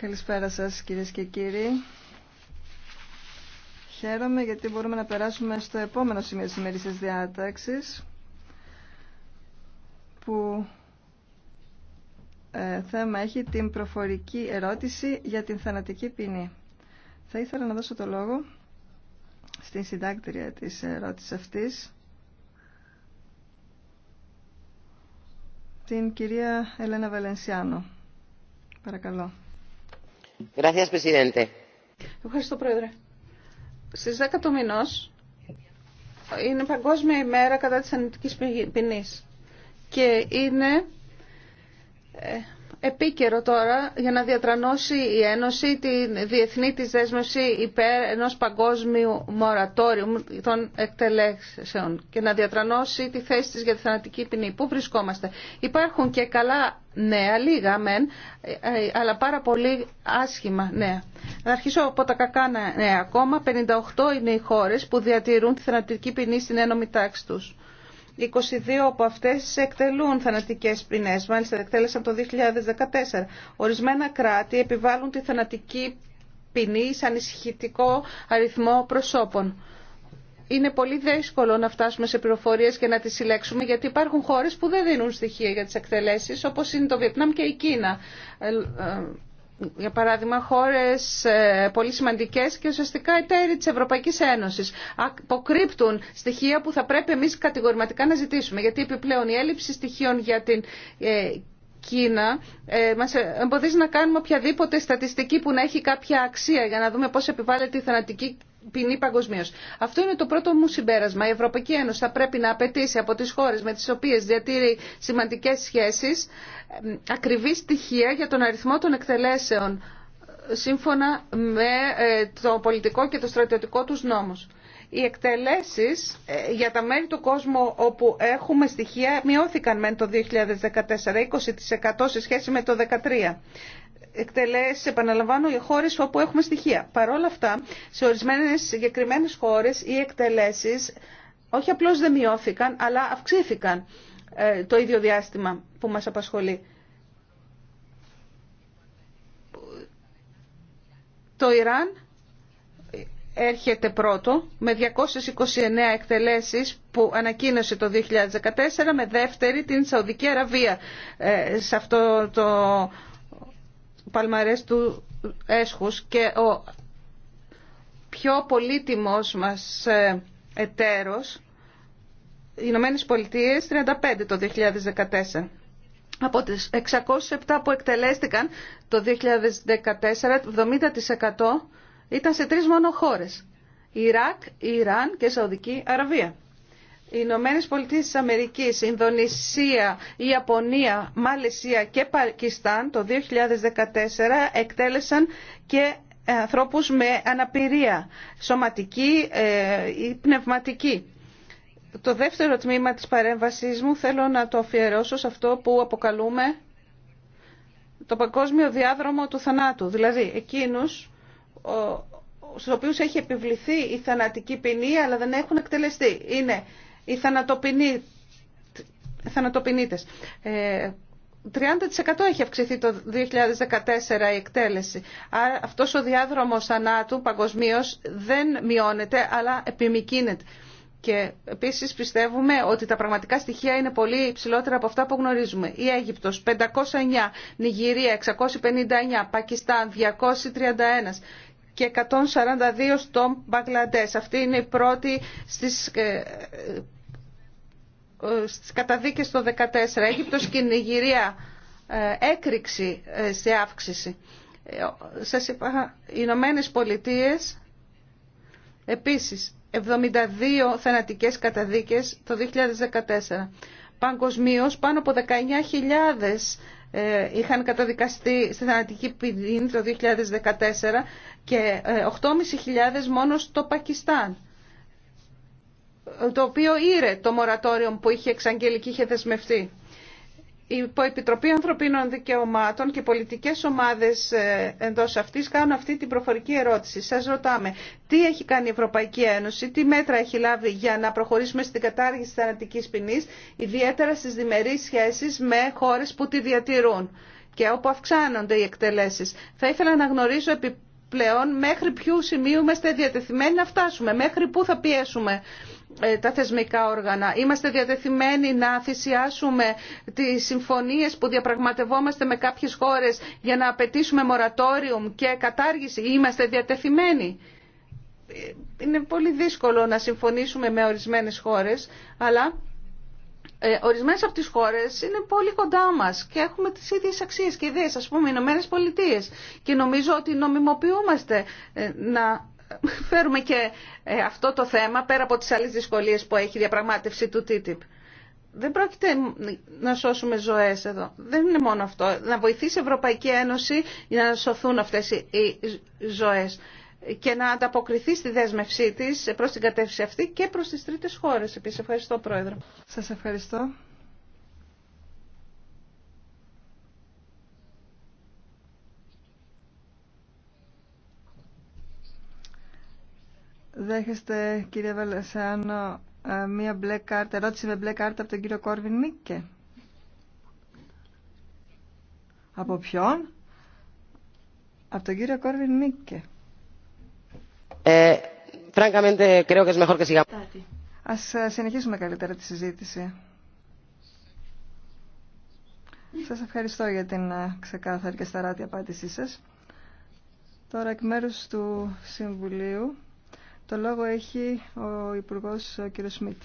Καλησπέρα σας κυρίες και κύριοι. Χαίρομαι γιατί μπορούμε να περάσουμε στο επόμενο σημείο της ημερήσιας διάταξης που ε, θέμα έχει την προφορική ερώτηση για την θανατική ποινή. Θα ήθελα να δώσω το λόγο στην συντάκτρια της ερώτησης αυτής, την κυρία Ελένα Βαλενσιάνο. Παρακαλώ. Ευχαριστώ, Πρόεδρε. Στις 10 του μηνός είναι Παγκόσμια ημέρα κατά της ανητικής ποινής και είναι ε, επίκαιρο τώρα για να διατρανώσει η Ένωση τη διεθνή της δέσμευση υπέρ ενός παγκόσμιου μορατόριου των εκτελέσεων και να διατρανώσει τη θέση της για τη θανατική ποινή. Πού βρισκόμαστε. Υπάρχουν και καλά ναι λίγα μεν, αλλά πάρα πολύ άσχημα ναι Να αρχίσω από τα κακά νέα. Ακόμα 58 είναι οι χώρες που διατηρούν τη θανατική ποινή στην ένωμη τάξη τους. 22 από αυτές εκτελούν θανατικές ποινές, μάλιστα εκτέλεσαν το 2014. Ορισμένα κράτη επιβάλλουν τη θανατική ποινή σαν ισχυτικό αριθμό προσώπων είναι πολύ δύσκολο να φτάσουμε σε πληροφορίες και να τις συλλέξουμε γιατί υπάρχουν χώρες που δεν δίνουν στοιχεία για τις εκτελέσεις όπως είναι το Βιετνάμ και η Κίνα. Ε, ε, για παράδειγμα χώρες ε, πολύ σημαντικές και ουσιαστικά εταίροι της Ευρωπαϊκής Ένωσης αποκρύπτουν στοιχεία που θα πρέπει εμείς κατηγορηματικά να ζητήσουμε γιατί επιπλέον η έλλειψη στοιχείων για την Κίνα ε, μας εμποδίζει να κάνουμε οποιαδήποτε στατιστική που να έχει κάποια αξία για να δούμε πώς επιβάλλεται η θανατική ποινή Αυτό είναι το πρώτο μου συμπέρασμα. Η Ευρωπαϊκή Ένωση θα πρέπει να απαιτήσει από τι χώρε με τι οποίε διατηρεί σημαντικέ σχέσει ακριβή στοιχεία για τον αριθμό των εκτελέσεων ε, σύμφωνα με ε, το πολιτικό και το στρατιωτικό τους νόμους. Οι εκτελέσεις ε, για τα μέρη του κόσμου όπου έχουμε στοιχεία μειώθηκαν με το 2014, 20% σε σχέση με το 2013 εκτελέσει, επαναλαμβάνω, για χώρε όπου έχουμε στοιχεία. Παρ' όλα αυτά, σε ορισμένε συγκεκριμένε χώρε οι εκτελέσει όχι απλώ δεν μειώθηκαν, αλλά αυξήθηκαν ε, το ίδιο διάστημα που μα απασχολεί. Το Ιράν έρχεται πρώτο με 229 εκτελέσεις που ανακοίνωσε το 2014 με δεύτερη την Σαουδική Αραβία ε, σε αυτό το Παλμαρές του Έσχους και ο πιο πολύτιμος μας ε, εταίρος, οι Ηνωμένε Πολιτείε 35 το 2014. Από τις 607 που εκτελέστηκαν το 2014, 70% ήταν σε τρεις μόνο χώρες. Ιράκ, Ιράν και Σαουδική Αραβία. Οι Ηνωμένε Πολιτείε τη Αμερικής, Ινδονησία, Ιαπωνία, Μαλαισία και Πακιστάν το 2014 εκτέλεσαν και ανθρώπους με αναπηρία σωματική ε, ή πνευματική. Το δεύτερο τμήμα της παρέμβασής μου θέλω να το αφιερώσω σε αυτό που αποκαλούμε το παγκόσμιο διάδρομο του θανάτου, δηλαδή εκείνους στους οποίους έχει επιβληθεί η θανατική ποινή αλλά δεν έχουν εκτελεστεί. Είναι οι Ε, 30% έχει αυξηθεί το 2014 η εκτέλεση. Άρα αυτός ο διάδρομος ανάτου παγκοσμίω δεν μειώνεται αλλά επιμικίνεται. Και επίσης πιστεύουμε ότι τα πραγματικά στοιχεία είναι πολύ υψηλότερα από αυτά που γνωρίζουμε. Η Αίγυπτος 509, Νιγηρία 659, Πακιστάν 231, και 142 στο Μπαγκλαντές. Αυτή είναι η πρώτη στις, ε, ε, στις καταδίκες το 2014. Αίγυπτος και Νιγηρία ε, έκρηξη σε αύξηση. Σας είπα, οι Ηνωμένε Πολιτείε επίσης 72 θανατικές καταδίκες το 2014. Παγκοσμίως πάνω από 19.000 ε, είχαν καταδικαστεί στη θανατική ποινή το 2014 και 8.500 ε, μόνο στο Πακιστάν ε, το οποίο ήρε το μορατόριο που είχε εξαγγελική και είχε δεσμευτεί η Επιτροπή Ανθρωπίνων Δικαιωμάτων και πολιτικές ομάδες ε, εντός αυτής κάνουν αυτή την προφορική ερώτηση. Σας ρωτάμε τι έχει κάνει η Ευρωπαϊκή Ένωση, τι μέτρα έχει λάβει για να προχωρήσουμε στην κατάργηση της θανατικής ποινής, ιδιαίτερα στις διμερείς σχέσεις με χώρες που τη διατηρούν και όπου αυξάνονται οι εκτελέσεις. Θα ήθελα να γνωρίζω επιπλέον μέχρι ποιου σημείου είμαστε διατεθειμένοι να φτάσουμε, μέχρι πού θα πιέσουμε ε, τα θεσμικά όργανα. Είμαστε διατεθειμένοι να θυσιάσουμε τις συμφωνίες που διαπραγματευόμαστε με κάποιες χώρες για να απαιτήσουμε μορατόριουμ και κατάργηση. Είμαστε διατεθειμένοι. Ε, είναι πολύ δύσκολο να συμφωνήσουμε με ορισμένες χώρες, αλλά ε, ορισμένες από τις χώρες είναι πολύ κοντά μας και έχουμε τις ίδιες αξίες και ιδέες, ας πούμε, οι Ηνωμένες Πολιτείες. Και νομίζω ότι νομιμοποιούμαστε να φέρουμε και ε, αυτό το θέμα πέρα από τις άλλες δυσκολίες που έχει η διαπραγμάτευση του TTIP. Δεν πρόκειται να σώσουμε ζωές εδώ. Δεν είναι μόνο αυτό. Να βοηθήσει η Ευρωπαϊκή Ένωση για να σωθούν αυτές οι ζωές και να ανταποκριθεί στη δέσμευσή της προς την κατεύθυνση αυτή και προς τις τρίτες χώρες. Επίσης, ευχαριστώ Πρόεδρο. Σας ευχαριστώ. Δέχεστε, κύριε Βαλασάνο, ε, μία μπλε κάρτα, ερώτηση με μπλε κάρτα από τον κύριο Κόρβιν Μίκε. Από ποιον? Από τον κύριο Κόρβιν Μίκε. Ε, Ας ε, συνεχίσουμε καλύτερα τη συζήτηση. Σας ευχαριστώ για την ε, ξεκάθαρη και σταράτη απάντησή σας. Τώρα εκ μέρους του Συμβουλίου το λόγο έχει ο Υπουργό κ. Σμιτ.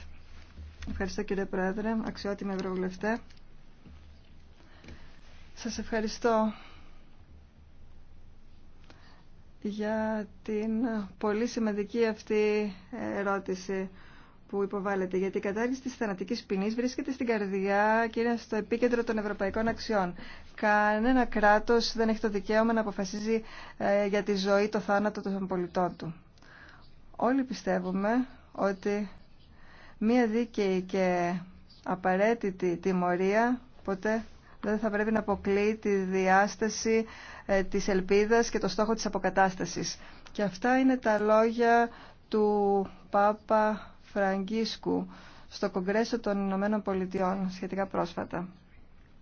Ευχαριστώ κύριε Πρόεδρε, αξιότιμη Ευρωβουλευτέ. Σας ευχαριστώ για την πολύ σημαντική αυτή ερώτηση που υποβάλλεται, γιατί η κατάργηση της θανατικής ποινής βρίσκεται στην καρδιά και είναι στο επίκεντρο των ευρωπαϊκών αξιών. Κανένα κράτος δεν έχει το δικαίωμα να αποφασίζει ε, για τη ζωή, το θάνατο των πολιτών του. Όλοι πιστεύουμε ότι μία δίκαιη και απαραίτητη τιμωρία ποτέ δεν θα πρέπει να αποκλείει τη διάσταση ε, της ελπίδας και το στόχο της αποκατάστασης. Και αυτά είναι τα λόγια του Πάπα Φραγκίσκου στο Κογκρέσο των Ηνωμένων Πολιτειών σχετικά πρόσφατα.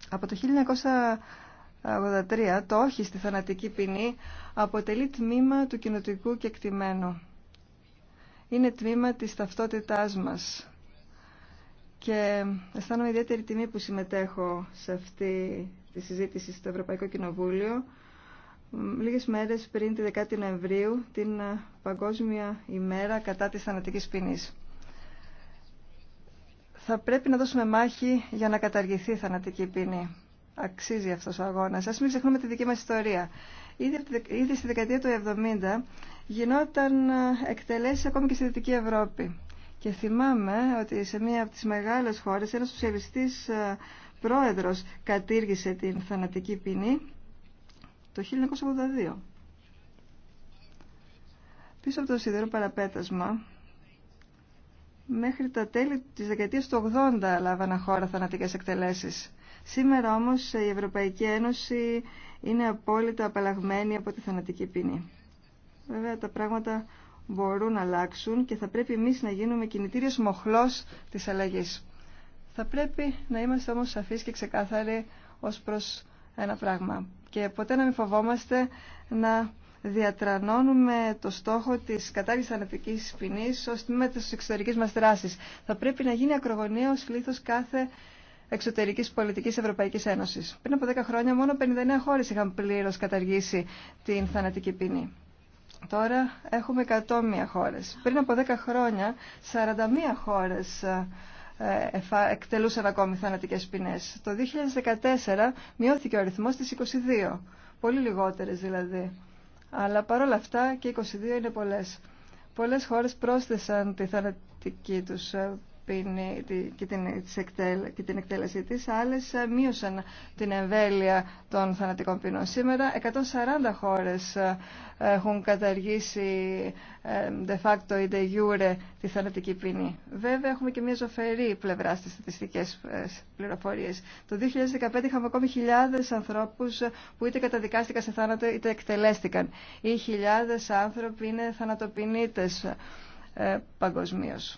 Από το 1983 το όχι στη θανατική ποινή αποτελεί τμήμα του κοινοτικού κεκτημένου είναι τμήμα της ταυτότητάς μας. Και αισθάνομαι ιδιαίτερη τιμή που συμμετέχω σε αυτή τη συζήτηση στο Ευρωπαϊκό Κοινοβούλιο λίγες μέρες πριν τη 10η Νοεμβρίου, την ε, Παγκόσμια ημέρα κατά της θανατικής ποινής. Θα πρέπει να δώσουμε μάχη για να καταργηθεί η θανατική ποινή. Αξίζει αυτός ο αγώνας. Ας μην ξεχνούμε τη δική μας ιστορία. Ήδη, ήδη στη δεκαετία του 70 γινόταν ε, εκτελέσεις ακόμη και στη Δυτική Ευρώπη. Και θυμάμαι ότι σε μία από τις μεγάλες χώρες ένας σοσιαλιστής ε, πρόεδρος κατήργησε την θανατική ποινή το 1982. Πίσω από το σιδερό παραπέτασμα, μέχρι τα τέλη της δεκαετίας του 80 λάβανα χώρα θανατικές εκτελέσεις. Σήμερα όμως η Ευρωπαϊκή Ένωση είναι απόλυτα απαλλαγμένη από τη θανατική ποινή. Βέβαια τα πράγματα μπορούν να αλλάξουν και θα πρέπει εμείς να γίνουμε κινητήριος μοχλός της αλλαγής. Θα πρέπει να είμαστε όμως σαφείς και ξεκάθαροι ως προς ένα πράγμα. Και ποτέ να μην φοβόμαστε να διατρανώνουμε το στόχο της κατάργησης θανατικής ποινής ως τμήμα της εξωτερικής μας δράσης. Θα πρέπει να γίνει ακρογωνιαίος λήθος κάθε εξωτερικής πολιτικής Ευρωπαϊκής Ένωσης. Πριν από 10 χρόνια μόνο 59 χώρες είχαν πλήρως καταργήσει την θανατική ποινή. Τώρα έχουμε 101 χώρες. Πριν από 10 χρόνια, 41 χώρες ε, εκτελούσαν ακόμη θανατικές ποινές. Το 2014 μειώθηκε ο αριθμός στις 22, πολύ λιγότερες δηλαδή. Αλλά παρόλα αυτά και 22 είναι πολλές. Πολλές χώρες πρόσθεσαν τη θανατική τους ε, και την, και την εκτέλεσή της. Άλλες ε, μείωσαν την εμβέλεια των θανατικών ποινών. Σήμερα 140 χώρες ε, έχουν καταργήσει ε, de facto ή de jure τη θανατική ποινή. Βέβαια έχουμε και μια ζωφερή πλευρά στις στατιστικές πληροφορίες. Το 2015 είχαμε ακόμη χιλιάδες ανθρώπους που είτε καταδικάστηκαν σε θάνατο είτε εκτελέστηκαν. Ή χιλιάδες άνθρωποι είναι θανατοποινήτες παγκοσμίως.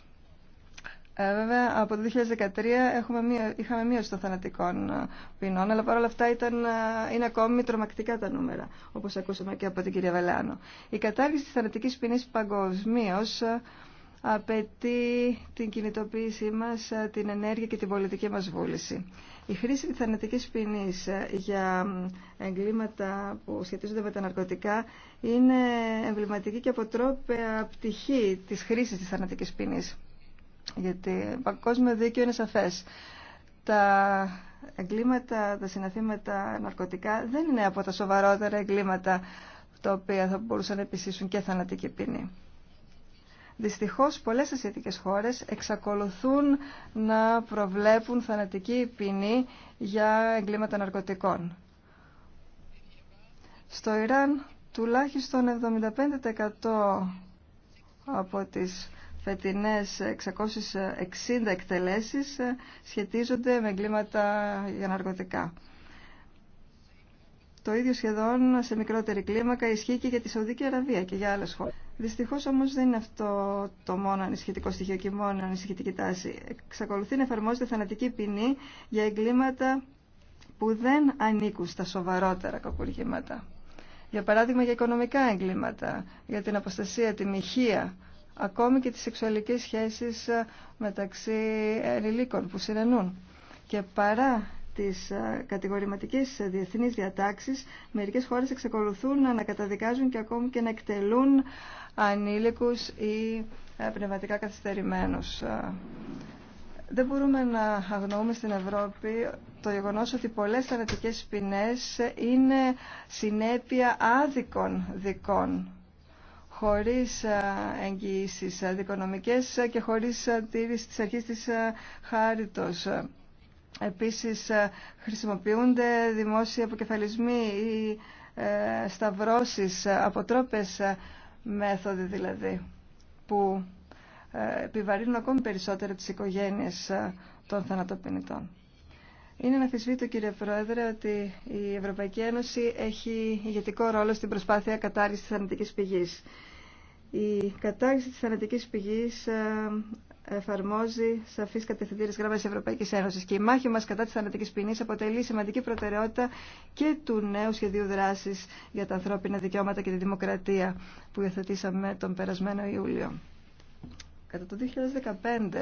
Ε, βέβαια, από το 2013 έχουμε είχαμε μείωση των θανατικών ε, ποινών, αλλά παρόλα αυτά ήταν, ε, είναι ακόμη τρομακτικά τα νούμερα, όπως ακούσαμε και από την κυρία Βελάνο. Η κατάργηση της θανατικής ποινής παγκοσμίω απαιτεί την κινητοποίησή μας, την ενέργεια και την πολιτική μας βούληση. Η χρήση της θανατικής ποινής για εγκλήματα που σχετίζονται με τα ναρκωτικά είναι εμβληματική και αποτρόπαια πτυχή της χρήσης της θανατικής ποινής γιατί παγκόσμιο δίκαιο είναι σαφές. Τα εγκλήματα, τα συναφή με τα ναρκωτικά δεν είναι από τα σοβαρότερα εγκλήματα τα οποία θα μπορούσαν να επισύσουν και θανατική ποινή. Δυστυχώς πολλές ασιατικές χώρες εξακολουθούν να προβλέπουν θανατική ποινή για εγκλήματα ναρκωτικών. Στο Ιράν τουλάχιστον 75% από τις φετινές 660 εκτελέσεις ε, σχετίζονται με εγκλήματα για ναρκωτικά. Το ίδιο σχεδόν σε μικρότερη κλίμακα ισχύει και για τη Σαουδική Αραβία και για άλλες χώρες. Δυστυχώς όμως δεν είναι αυτό το μόνο ανησυχητικό στοιχείο και η μόνο ανησυχητική τάση. Εξακολουθεί να εφαρμόζεται θανατική ποινή για εγκλήματα που δεν ανήκουν στα σοβαρότερα κακουργήματα. Για παράδειγμα για οικονομικά εγκλήματα, για την αποστασία, τη ηχεία, ακόμη και τις σεξουαλικές σχέσεις ε, μεταξύ ενηλίκων που συνενούν. Και παρά τις ε, κατηγορηματικές ε, διεθνείς διατάξεις, μερικές χώρες εξακολουθούν να ανακαταδικάζουν και ακόμη και να εκτελούν ανήλικους ή πνευματικά καθυστερημένους. Δεν μπορούμε να αγνοούμε στην Ευρώπη το γεγονός ότι πολλές θανατικές ποινές είναι συνέπεια άδικων δικών χωρίς ε, εγγυήσεις ε, δικονομικές ε, και χωρίς τήρηση της αρχής της χάριτος. Επίσης χρησιμοποιούνται δημόσιοι αποκεφαλισμοί ή σταυρώσεις, αποτρόπες μέθοδοι δηλαδή, που επιβαρύνουν ακόμη περισσότερο τις οικογένειες των θανατοποιητών. Είναι αναφυσβήτο κύριε Πρόεδρε ότι η Ευρωπαϊκή Ένωση έχει ηγετικό ρόλο στην προσπάθεια κατάργησης της θανατικής πηγής. Η κατάργηση της θανατικής πηγής ε, εφαρμόζει σαφεί κατευθυντήρε γράμμα τη Ευρωπαϊκή Ένωση. Και η μάχη μα κατά τη θανατική ποινή αποτελεί σημαντική προτεραιότητα και του νέου σχεδίου δράση για τα ανθρώπινα δικαιώματα και τη δημοκρατία που υιοθετήσαμε τον περασμένο Ιούλιο. Κατά το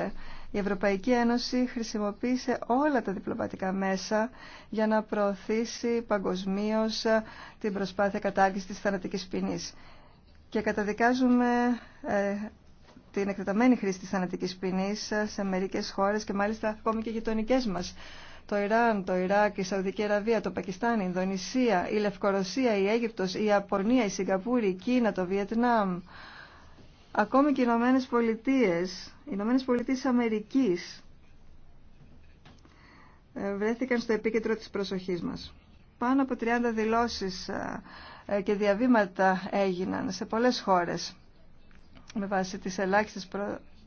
2015 η Ευρωπαϊκή Ένωση χρησιμοποίησε όλα τα διπλωματικά μέσα για να προωθήσει παγκοσμίω ε, την προσπάθεια κατάργησης της θανατικής ποινής. Και καταδικάζουμε ε, την εκτεταμένη χρήση της θανατικής ποινής ε, σε μερικές χώρες και μάλιστα ακόμη και γειτονικέ μας. Το Ιράν, το Ιράκ, η Σαουδική Αραβία, το Πακιστάν, η Ινδονησία, η Λευκορωσία, η Αίγυπτος, η Ιαπωνία, η Σιγκαπούρη, η Κίνα, το Βιετνάμ, Ακόμη και οι Ηνωμένε Πολιτείε, οι Ηνωμένε Πολιτείε Αμερική ε, βρέθηκαν στο επίκεντρο της προσοχής μας. Πάνω από 30 δηλώσεις ε, ε, και διαβήματα έγιναν σε πολλές χώρες με βάση τις ελάχιστες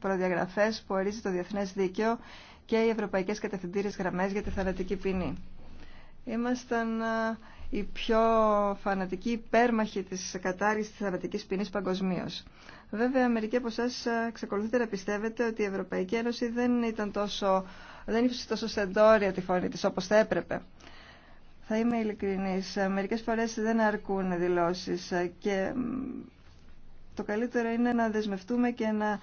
προδιαγραφές που ορίζει το Διεθνές Δίκαιο και οι Ευρωπαϊκές Κατευθυντήριες Γραμμές για τη θανατική ποινή. Ήμασταν οι πιο φανατικοί υπέρμαχοι της κατάργησης της θανατικής ποινής παγκοσμίω. Βέβαια, μερικοί από εσάς ε, ξεκολουθείτε να πιστεύετε ότι η Ευρωπαϊκή Ένωση δεν ήταν τόσο, δεν τόσο σεντόρια τη φωνή της όπως θα έπρεπε. Θα είμαι ειλικρινής. Ε, μερικές φορές δεν αρκούν δηλώσεις ε, και το καλύτερο είναι να δεσμευτούμε και να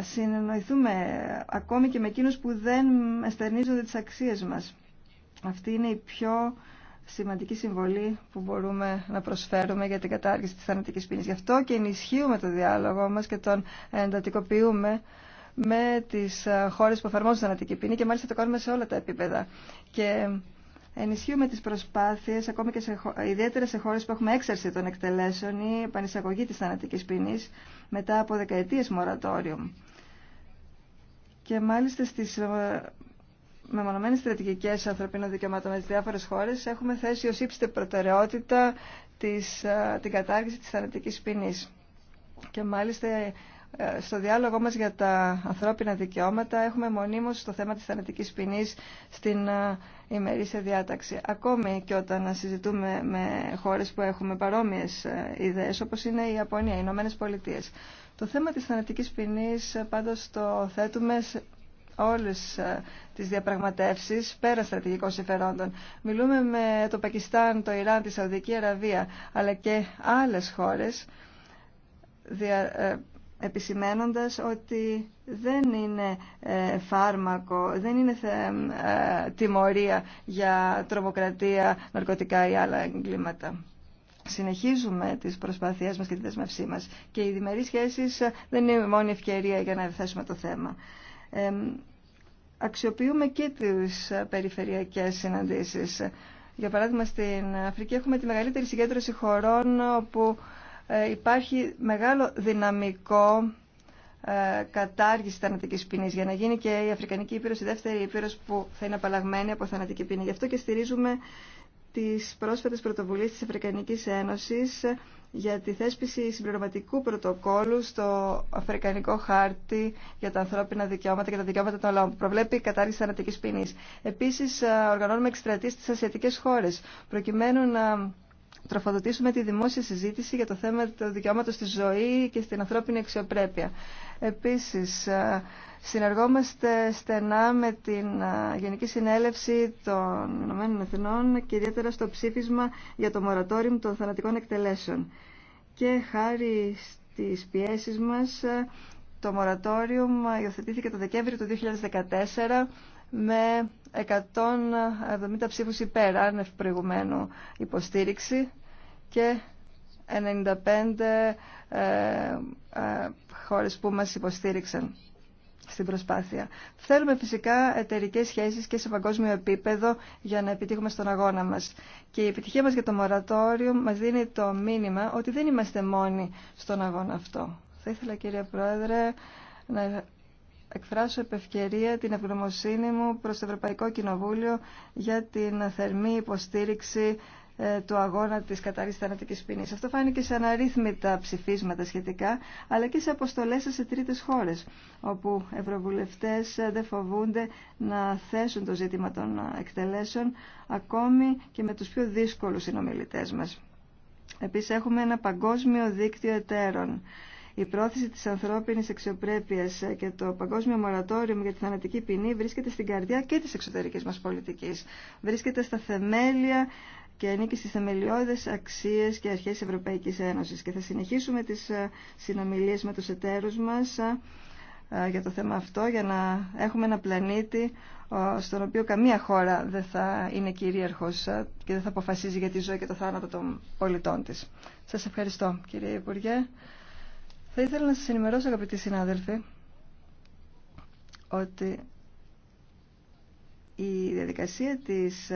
συνεννοηθούμε ακόμη και με εκείνους που δεν εστερνίζονται τις αξίες μας. Αυτή είναι η πιο σημαντική συμβολή που μπορούμε να προσφέρουμε για την κατάργηση της θανατικής ποινής. Γι' αυτό και ενισχύουμε το διάλογο μας και τον εντατικοποιούμε με τις ε, χώρες που εφαρμόζουν θανατική ποινή και μάλιστα το κάνουμε σε όλα τα επίπεδα. Και ενισχύουμε τις προσπάθειες, ακόμη και σε, ιδιαίτερα σε χώρες που έχουμε έξαρση των εκτελέσεων ή επανεισαγωγή της θανατικής ποινής μετά από δεκαετίες μορατόριου. Και μάλιστα στις ε, μεμονωμένες στρατηγικές ανθρωπίνων δικαιωμάτων με τις διάφορες χώρες έχουμε θέσει ως ύψιστη προτεραιότητα της, ε, την κατάργηση της θανατικής ποινής. Και μάλιστα ε, στο διάλογό μας για τα ανθρώπινα δικαιώματα έχουμε μονίμως το θέμα της θανατικής ποινής στην ε, ημερήσια διάταξη. Ακόμη και όταν συζητούμε με χώρες που έχουμε παρόμοιες ιδέες όπως είναι η Ιαπωνία, οι Ηνωμένε Πολιτείες. Το θέμα της θανατικής ποινής πάντως το θέτουμε όλες ε, τις διαπραγματεύσεις πέρα στρατηγικών συμφερόντων. Μιλούμε με το Πακιστάν, το Ιράν, τη Σαουδική Αραβία, αλλά και άλλες χώρες, ε, επισημένοντας ότι δεν είναι ε, φάρμακο, δεν είναι τιμωρία για τρομοκρατία, ναρκωτικά ή άλλα εγκλήματα συνεχίζουμε τις προσπάθειές μας και τη δεσμευσή μας. Και οι διμερείς σχέσεις δεν είναι η μόνη ευκαιρία για να ευθέσουμε το θέμα αξιοποιούμε και τις περιφερειακές συναντήσεις. Για παράδειγμα, στην Αφρική έχουμε τη μεγαλύτερη συγκέντρωση χωρών όπου ε, υπάρχει μεγάλο δυναμικό ε, κατάργηση θανατικής ποινής για να γίνει και η Αφρικανική Ήπειρος η δεύτερη Ήπειρος που θα είναι απαλλαγμένη από θανατική ποινή. Γι' αυτό και στηρίζουμε τις πρόσφατες πρωτοβουλίες της Αφρικανικής Ένωσης για τη θέσπιση συμπληρωματικού πρωτοκόλου στο Αφρικανικό Χάρτη για τα ανθρώπινα δικαιώματα και τα δικαιώματα των λαών, προβλέπει η κατάργηση θανατική ποινή. Επίση, οργανώνουμε εκστρατείε στι ασιατικέ χώρε, προκειμένου να τροφοδοτήσουμε τη δημόσια συζήτηση για το θέμα του δικαιώματος στη ζωή και στην ανθρώπινη αξιοπρέπεια. Επίσης, ε, συνεργόμαστε στενά με την ε, Γενική Συνέλευση των Ηνωμένων Εθνών και ιδιαίτερα στο ψήφισμα για το μορατόριο των θανατικών εκτελέσεων. Και χάρη στις πιέσεις μας, ε, το μορατόριο υιοθετήθηκε το Δεκέμβριο του 2014 με 170 ψήφους υπέρ, άνευ υποστήριξη και 95 ε, ε, χώρες που μας υποστήριξαν στην προσπάθεια. Θέλουμε φυσικά εταιρικέ σχέσεις και σε παγκόσμιο επίπεδο για να επιτύχουμε στον αγώνα μας. Και η επιτυχία μας για το μορατόριο μας δίνει το μήνυμα ότι δεν είμαστε μόνοι στον αγώνα αυτό. Θα ήθελα κύριε Πρόεδρε να εκφράσω επ' ευκαιρία την ευγνωμοσύνη μου προς το Ευρωπαϊκό Κοινοβούλιο για την θερμή υποστήριξη ε, του αγώνα της καταρρής θανατικής ποινής. Αυτό φάνηκε σε αναρρύθμιτα ψηφίσματα σχετικά, αλλά και σε αποστολές σε τρίτες χώρες, όπου ευρωβουλευτές ε, δεν φοβούνται να θέσουν το ζήτημα των ε, εκτελέσεων, ακόμη και με τους πιο δύσκολους συνομιλητές μας. Επίσης έχουμε ένα παγκόσμιο δίκτυο εταίρων η πρόθεση της ανθρώπινης αξιοπρέπειας και το παγκόσμιο μορατόριο για τη θανατική ποινή βρίσκεται στην καρδιά και της εξωτερικής μας πολιτικής. Βρίσκεται στα θεμέλια και ανήκει στις θεμελιώδες αξίες και αρχές της Ευρωπαϊκής Ένωσης. Και θα συνεχίσουμε τις ε, συνομιλίες με τους εταίρους μας ε, ε, για το θέμα αυτό, για να έχουμε ένα πλανήτη στον οποίο καμία χώρα δεν θα είναι κυρίαρχος και δεν θα αποφασίζει για τη ζωή και το θάνατο των πολιτών της. Σας ευχαριστώ κύριε Υπουργέ. Θα ήθελα να σας ενημερώσω αγαπητοί συνάδελφοι ότι η διαδικασία της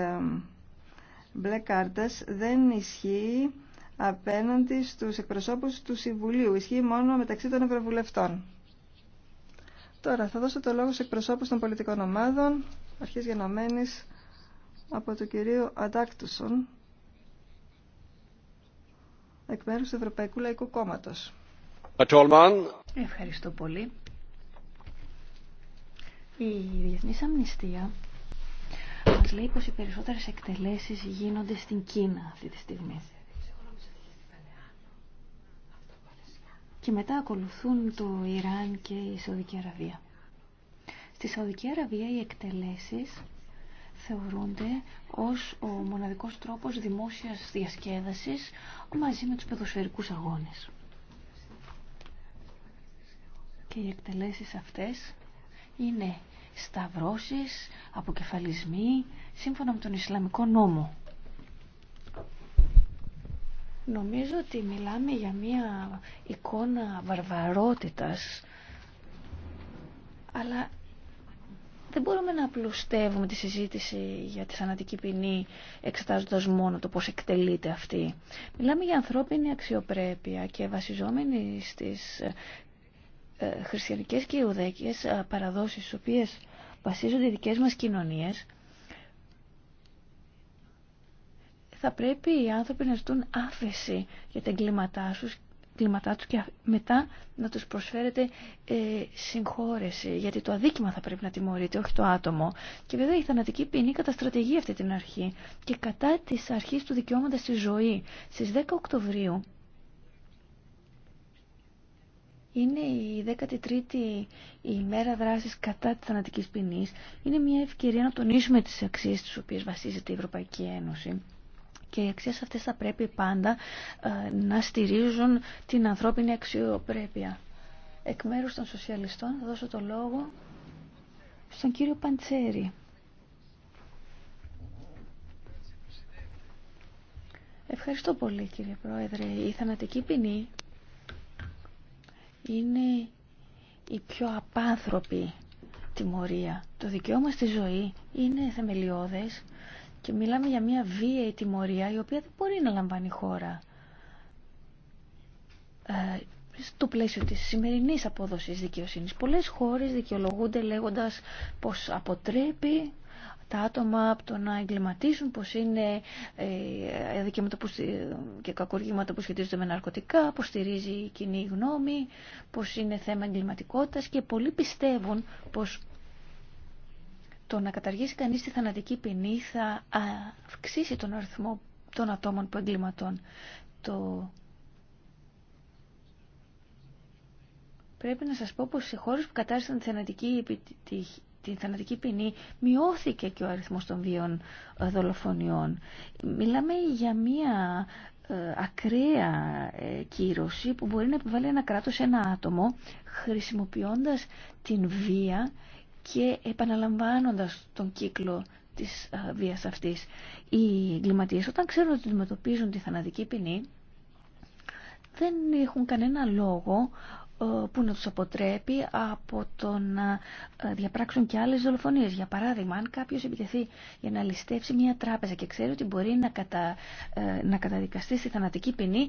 μπλε κάρτας δεν ισχύει απέναντι στους εκπροσώπους του Συμβουλίου. Ισχύει μόνο μεταξύ των Ευρωβουλευτών. Τώρα θα δώσω το λόγο στους εκπροσώπους των πολιτικών ομάδων, αρχής γενομένης από τον κυρίο Αντάκτουσον, εκ μέρους του Ευρωπαϊκού Λαϊκού Κόμματος. Ευχαριστώ πολύ. Η Διεθνής Αμνηστία μας λέει πως οι περισσότερες εκτελέσεις γίνονται στην Κίνα αυτή τη στιγμή. Και μετά ακολουθούν το Ιράν και η Σαουδική Αραβία. Στη Σαουδική Αραβία οι εκτελέσεις θεωρούνται ως ο μοναδικός τρόπος δημόσιας διασκέδασης μαζί με τους παιδοσφαιρικούς αγώνες και οι εκτελέσεις αυτές είναι σταυρώσεις, αποκεφαλισμοί, σύμφωνα με τον Ισλαμικό νόμο. Νομίζω ότι μιλάμε για μία εικόνα βαρβαρότητας, αλλά δεν μπορούμε να απλουστεύουμε τη συζήτηση για τη θανατική ποινή εξετάζοντας μόνο το πώς εκτελείται αυτή. Μιλάμε για ανθρώπινη αξιοπρέπεια και βασιζόμενη στις ε, χριστιανικές και ιουδαίκες ε, παραδόσεις στις οποίες βασίζονται οι δικές μας κοινωνίες θα πρέπει οι άνθρωποι να ζητούν άφεση για τα εγκλήματά τους και μετά να τους προσφέρεται ε, συγχώρεση γιατί το αδίκημα θα πρέπει να τιμωρείται όχι το άτομο και βέβαια η θανατική ποινή καταστρατηγεί αυτή την αρχή και κατά της αρχής του δικαιώματος στη ζωή στις 10 Οκτωβρίου είναι η 13η ημέρα δράσης κατά της θανατικής ποινής. Είναι μια ευκαιρία να τονίσουμε τις αξίες στις οποίες βασίζεται η Ευρωπαϊκή Ένωση. Και οι αξίες αυτές θα πρέπει πάντα ε, να στηρίζουν την ανθρώπινη αξιοπρέπεια. Εκ μέρους των σοσιαλιστών θα δώσω το λόγο στον κύριο Παντσέρη. Ευχαριστώ πολύ κύριε Πρόεδρε. Η θανατική ποινή είναι η πιο απάνθρωπη τιμωρία. Το δικαίωμα στη ζωή είναι θεμελιώδες και μιλάμε για μια βίαιη τιμωρία η οποία δεν μπορεί να λαμβάνει χώρα ε, στο πλαίσιο της σημερινής απόδοσης δικαιοσύνης. Πολλές χώρες δικαιολογούνται λέγοντας πως αποτρέπει τα άτομα από το να εγκληματίσουν, πως είναι ε, δικαιώματα και κακοργήματα που σχετίζονται με ναρκωτικά, πως στηρίζει η κοινή γνώμη, πως είναι θέμα εγκληματικότητας και πολλοί πιστεύουν πως το να καταργήσει κανείς τη θανατική ποινή θα αυξήσει τον αριθμό των ατόμων που εγκληματών. Το... Πρέπει να σας πω πως σε χώρες που κατάρρισαν τη θανατική την θανατική ποινή μειώθηκε και ο αριθμός των βίων ε, δολοφονιών. Μιλάμε για μία ε, ακραία ε, κύρωση που μπορεί να επιβάλλει ένα κράτος σε ένα άτομο χρησιμοποιώντας την βία και επαναλαμβάνοντας τον κύκλο της βίας αυτής. Οι εγκληματίες όταν ξέρουν ότι αντιμετωπίζουν τη θανατική ποινή δεν έχουν κανένα λόγο ε, που να τους αποτρέπει από το να ε, διαπράξουν και άλλες δολοφονίες. Για παράδειγμα, αν κάποιος επιτεθεί για να ληστεύσει μια τράπεζα και ξέρει ότι μπορεί να, κατα, ε, να καταδικαστεί στη θανατική ποινή,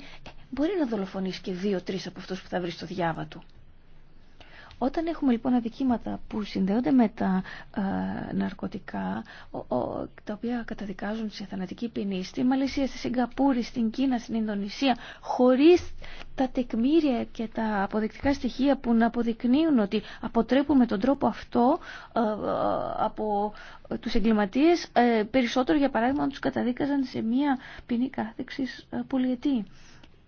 μπορεί να δολοφονήσει και δύο-τρεις από αυτούς που θα βρει στο διάβα του. Όταν έχουμε λοιπόν αδικήματα που συνδέονται με τα ε, ναρκωτικά, τα οποία καταδικάζουν σε θανατική ποινή, στη Μαλαισία, στη Σιγκαπούρη, στην Κίνα, στην Ινδονησία, χωρίς τα τεκμήρια και τα αποδεικτικά στοιχεία που να αποδεικνύουν ότι αποτρέπουν με τον τρόπο αυτό ε, ε, από τους εγκληματίες, περισσότερο για παράδειγμα τους καταδίκαζαν σε μία ποινή κάθεξης πολιετή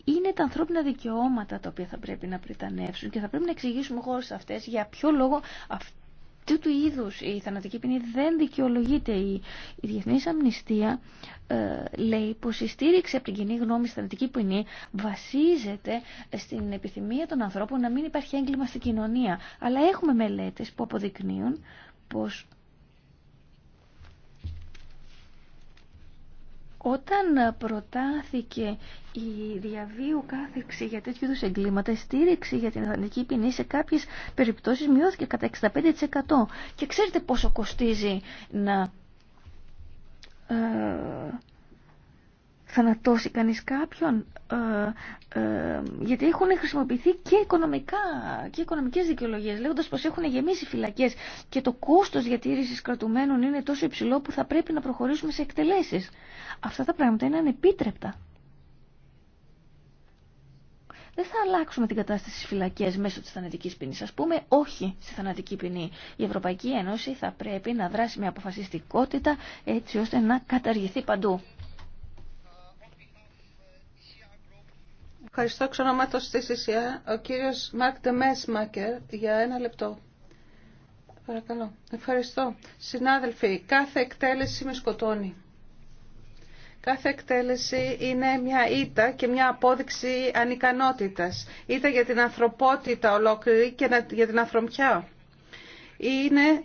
είναι τα ανθρώπινα δικαιώματα τα οποία θα πρέπει να πριτανεύσουν και θα πρέπει να εξηγήσουμε χώρε αυτές για ποιο λόγο αυτού του είδου η θανατική ποινή δεν δικαιολογείται. Η, η Διεθνής Αμνηστία ε, λέει πω η στήριξη από την κοινή γνώμη στη θανατική ποινή βασίζεται στην επιθυμία των ανθρώπων να μην υπάρχει έγκλημα στην κοινωνία. Αλλά έχουμε μελέτε που αποδεικνύουν πω. Όταν προτάθηκε η διαβίου κάθεξη για τέτοιου είδου εγκλήματα, η στήριξη για την εθνική ποινή σε κάποιε περιπτώσει μειώθηκε κατά 65%. Και ξέρετε πόσο κοστίζει να ε, θανατώσει κανείς κάποιον ε, ε, γιατί έχουν χρησιμοποιηθεί και οικονομικά και οικονομικές δικαιολογίες λέγοντας πως έχουν γεμίσει φυλακές και το κόστος διατήρησης κρατουμένων είναι τόσο υψηλό που θα πρέπει να προχωρήσουμε σε εκτελέσεις. Αυτά τα πράγματα είναι ανεπίτρεπτα. Δεν θα αλλάξουμε την κατάσταση στις φυλακές μέσω τη θανατικής ποινής. Α πούμε όχι στη θανατική ποινή. Η Ευρωπαϊκή Ένωση θα πρέπει να δράσει με αποφασιστικότητα έτσι ώστε να καταργηθεί παντού. Ευχαριστώ στη ο κύριος Μάρκ μέσμακερ για ένα λεπτό. Παρακαλώ. Ευχαριστώ. Συνάδελφοι, κάθε εκτέλεση με σκοτώνει. Κάθε εκτέλεση είναι μια ήττα και μια απόδειξη ανικανότητας. Ήττα για την ανθρωπότητα ολόκληρη και για την ανθρωπιά. Είναι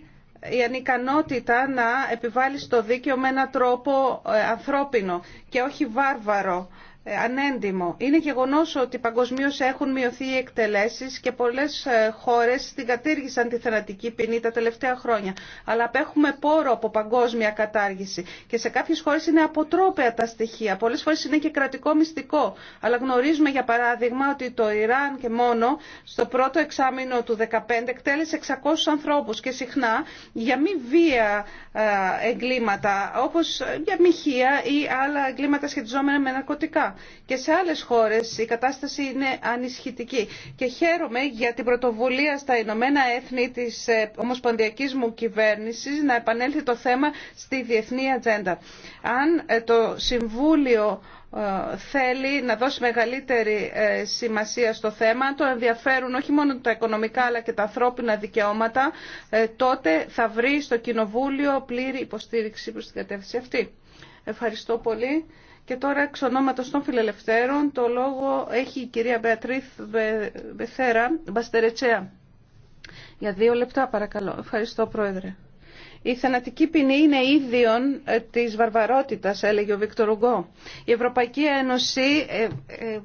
η ανικανότητα να επιβάλλει το δίκαιο με έναν τρόπο ε, ανθρώπινο και όχι βάρβαρο ε, ανέντιμο. Είναι γεγονός ότι παγκοσμίω έχουν μειωθεί οι εκτελέσεις και πολλές ε, χώρες την κατήργησαν τη θανατική ποινή τα τελευταία χρόνια. Αλλά απέχουμε πόρο από παγκόσμια κατάργηση. Και σε κάποιες χώρες είναι αποτρόπαια τα στοιχεία. Πολλές φορές είναι και κρατικό μυστικό. Αλλά γνωρίζουμε για παράδειγμα ότι το Ιράν και μόνο στο πρώτο εξάμεινο του 2015 εκτέλεσε 600 ανθρώπους και συχνά για μη βία ε, εγκλήματα όπως για μοιχεία ή άλλα εγκλήματα σχετιζόμενα με ναρκωτικά. Και σε άλλες χώρες η κατάσταση είναι ανισχυτική. Και χαίρομαι για την πρωτοβουλία στα Ηνωμένα Έθνη της ε, Ομοσπονδιακής μου κυβέρνησης να επανέλθει το θέμα στη διεθνή ατζέντα. Αν ε, το Συμβούλιο ε, θέλει να δώσει μεγαλύτερη σημασία στο θέμα, το ενδιαφέρουν όχι μόνο τα οικονομικά αλλά και τα ανθρώπινα δικαιώματα, τότε θα βρει στο Κοινοβούλιο πλήρη υποστήριξη προς την κατεύθυνση αυτή. Ευχαριστώ πολύ. Και τώρα εξ ονόματος των φιλελευθέρων το λόγο έχει η κυρία Μπεατρίθ Βεθέρα Μπαστερετσέα. Για δύο λεπτά παρακαλώ. Ευχαριστώ πρόεδρε. Η θανατική ποινή είναι ίδιον ε, της βαρβαρότητας, έλεγε ο Βίκτορ Ουγκό. Η Ευρωπαϊκή Ένωση ε, ε,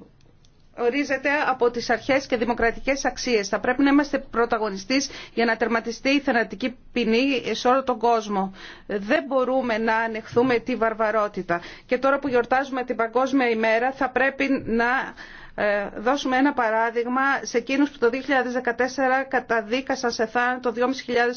ορίζεται από τις αρχές και δημοκρατικές αξίες. Θα πρέπει να είμαστε πρωταγωνιστής για να τερματιστεί η θανατική ποινή σε όλο τον κόσμο. Δεν μπορούμε να ανεχθούμε τη βαρβαρότητα. Και τώρα που γιορτάζουμε την Παγκόσμια ημέρα θα πρέπει να ε, δώσουμε ένα παράδειγμα σε εκείνους που το 2014 καταδίκασαν σε θάνατο 2.500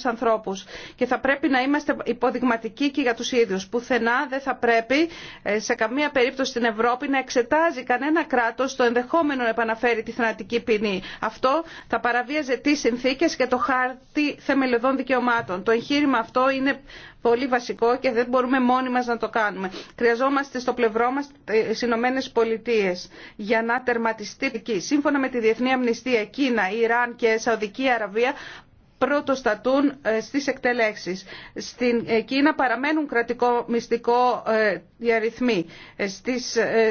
ανθρώπους και θα πρέπει να είμαστε υποδειγματικοί και για τους ίδιους. Πουθενά δεν θα πρέπει ε, σε καμία περίπτωση στην Ευρώπη να εξετάζει κανένα κράτος το ενδεχόμενο να επαναφέρει τη θανατική ποινή. Αυτό θα παραβίαζε τις συνθήκες και το χάρτη θεμελιωδών δικαιωμάτων. Το εγχείρημα αυτό είναι πολύ βασικό και δεν μπορούμε μόνοι μας να το κάνουμε. Χρειαζόμαστε στο πλευρό μας τις Ηνωμένε Πολιτείε για να τερματιστεί εκεί. Σύμφωνα με τη Διεθνή Αμνηστία, Κίνα, Ιράν και Σαουδική Αραβία πρωτοστατούν ε, στις εκτελέξεις. Στην ε, Κίνα παραμένουν κρατικό μυστικό οι ε, αριθμοί.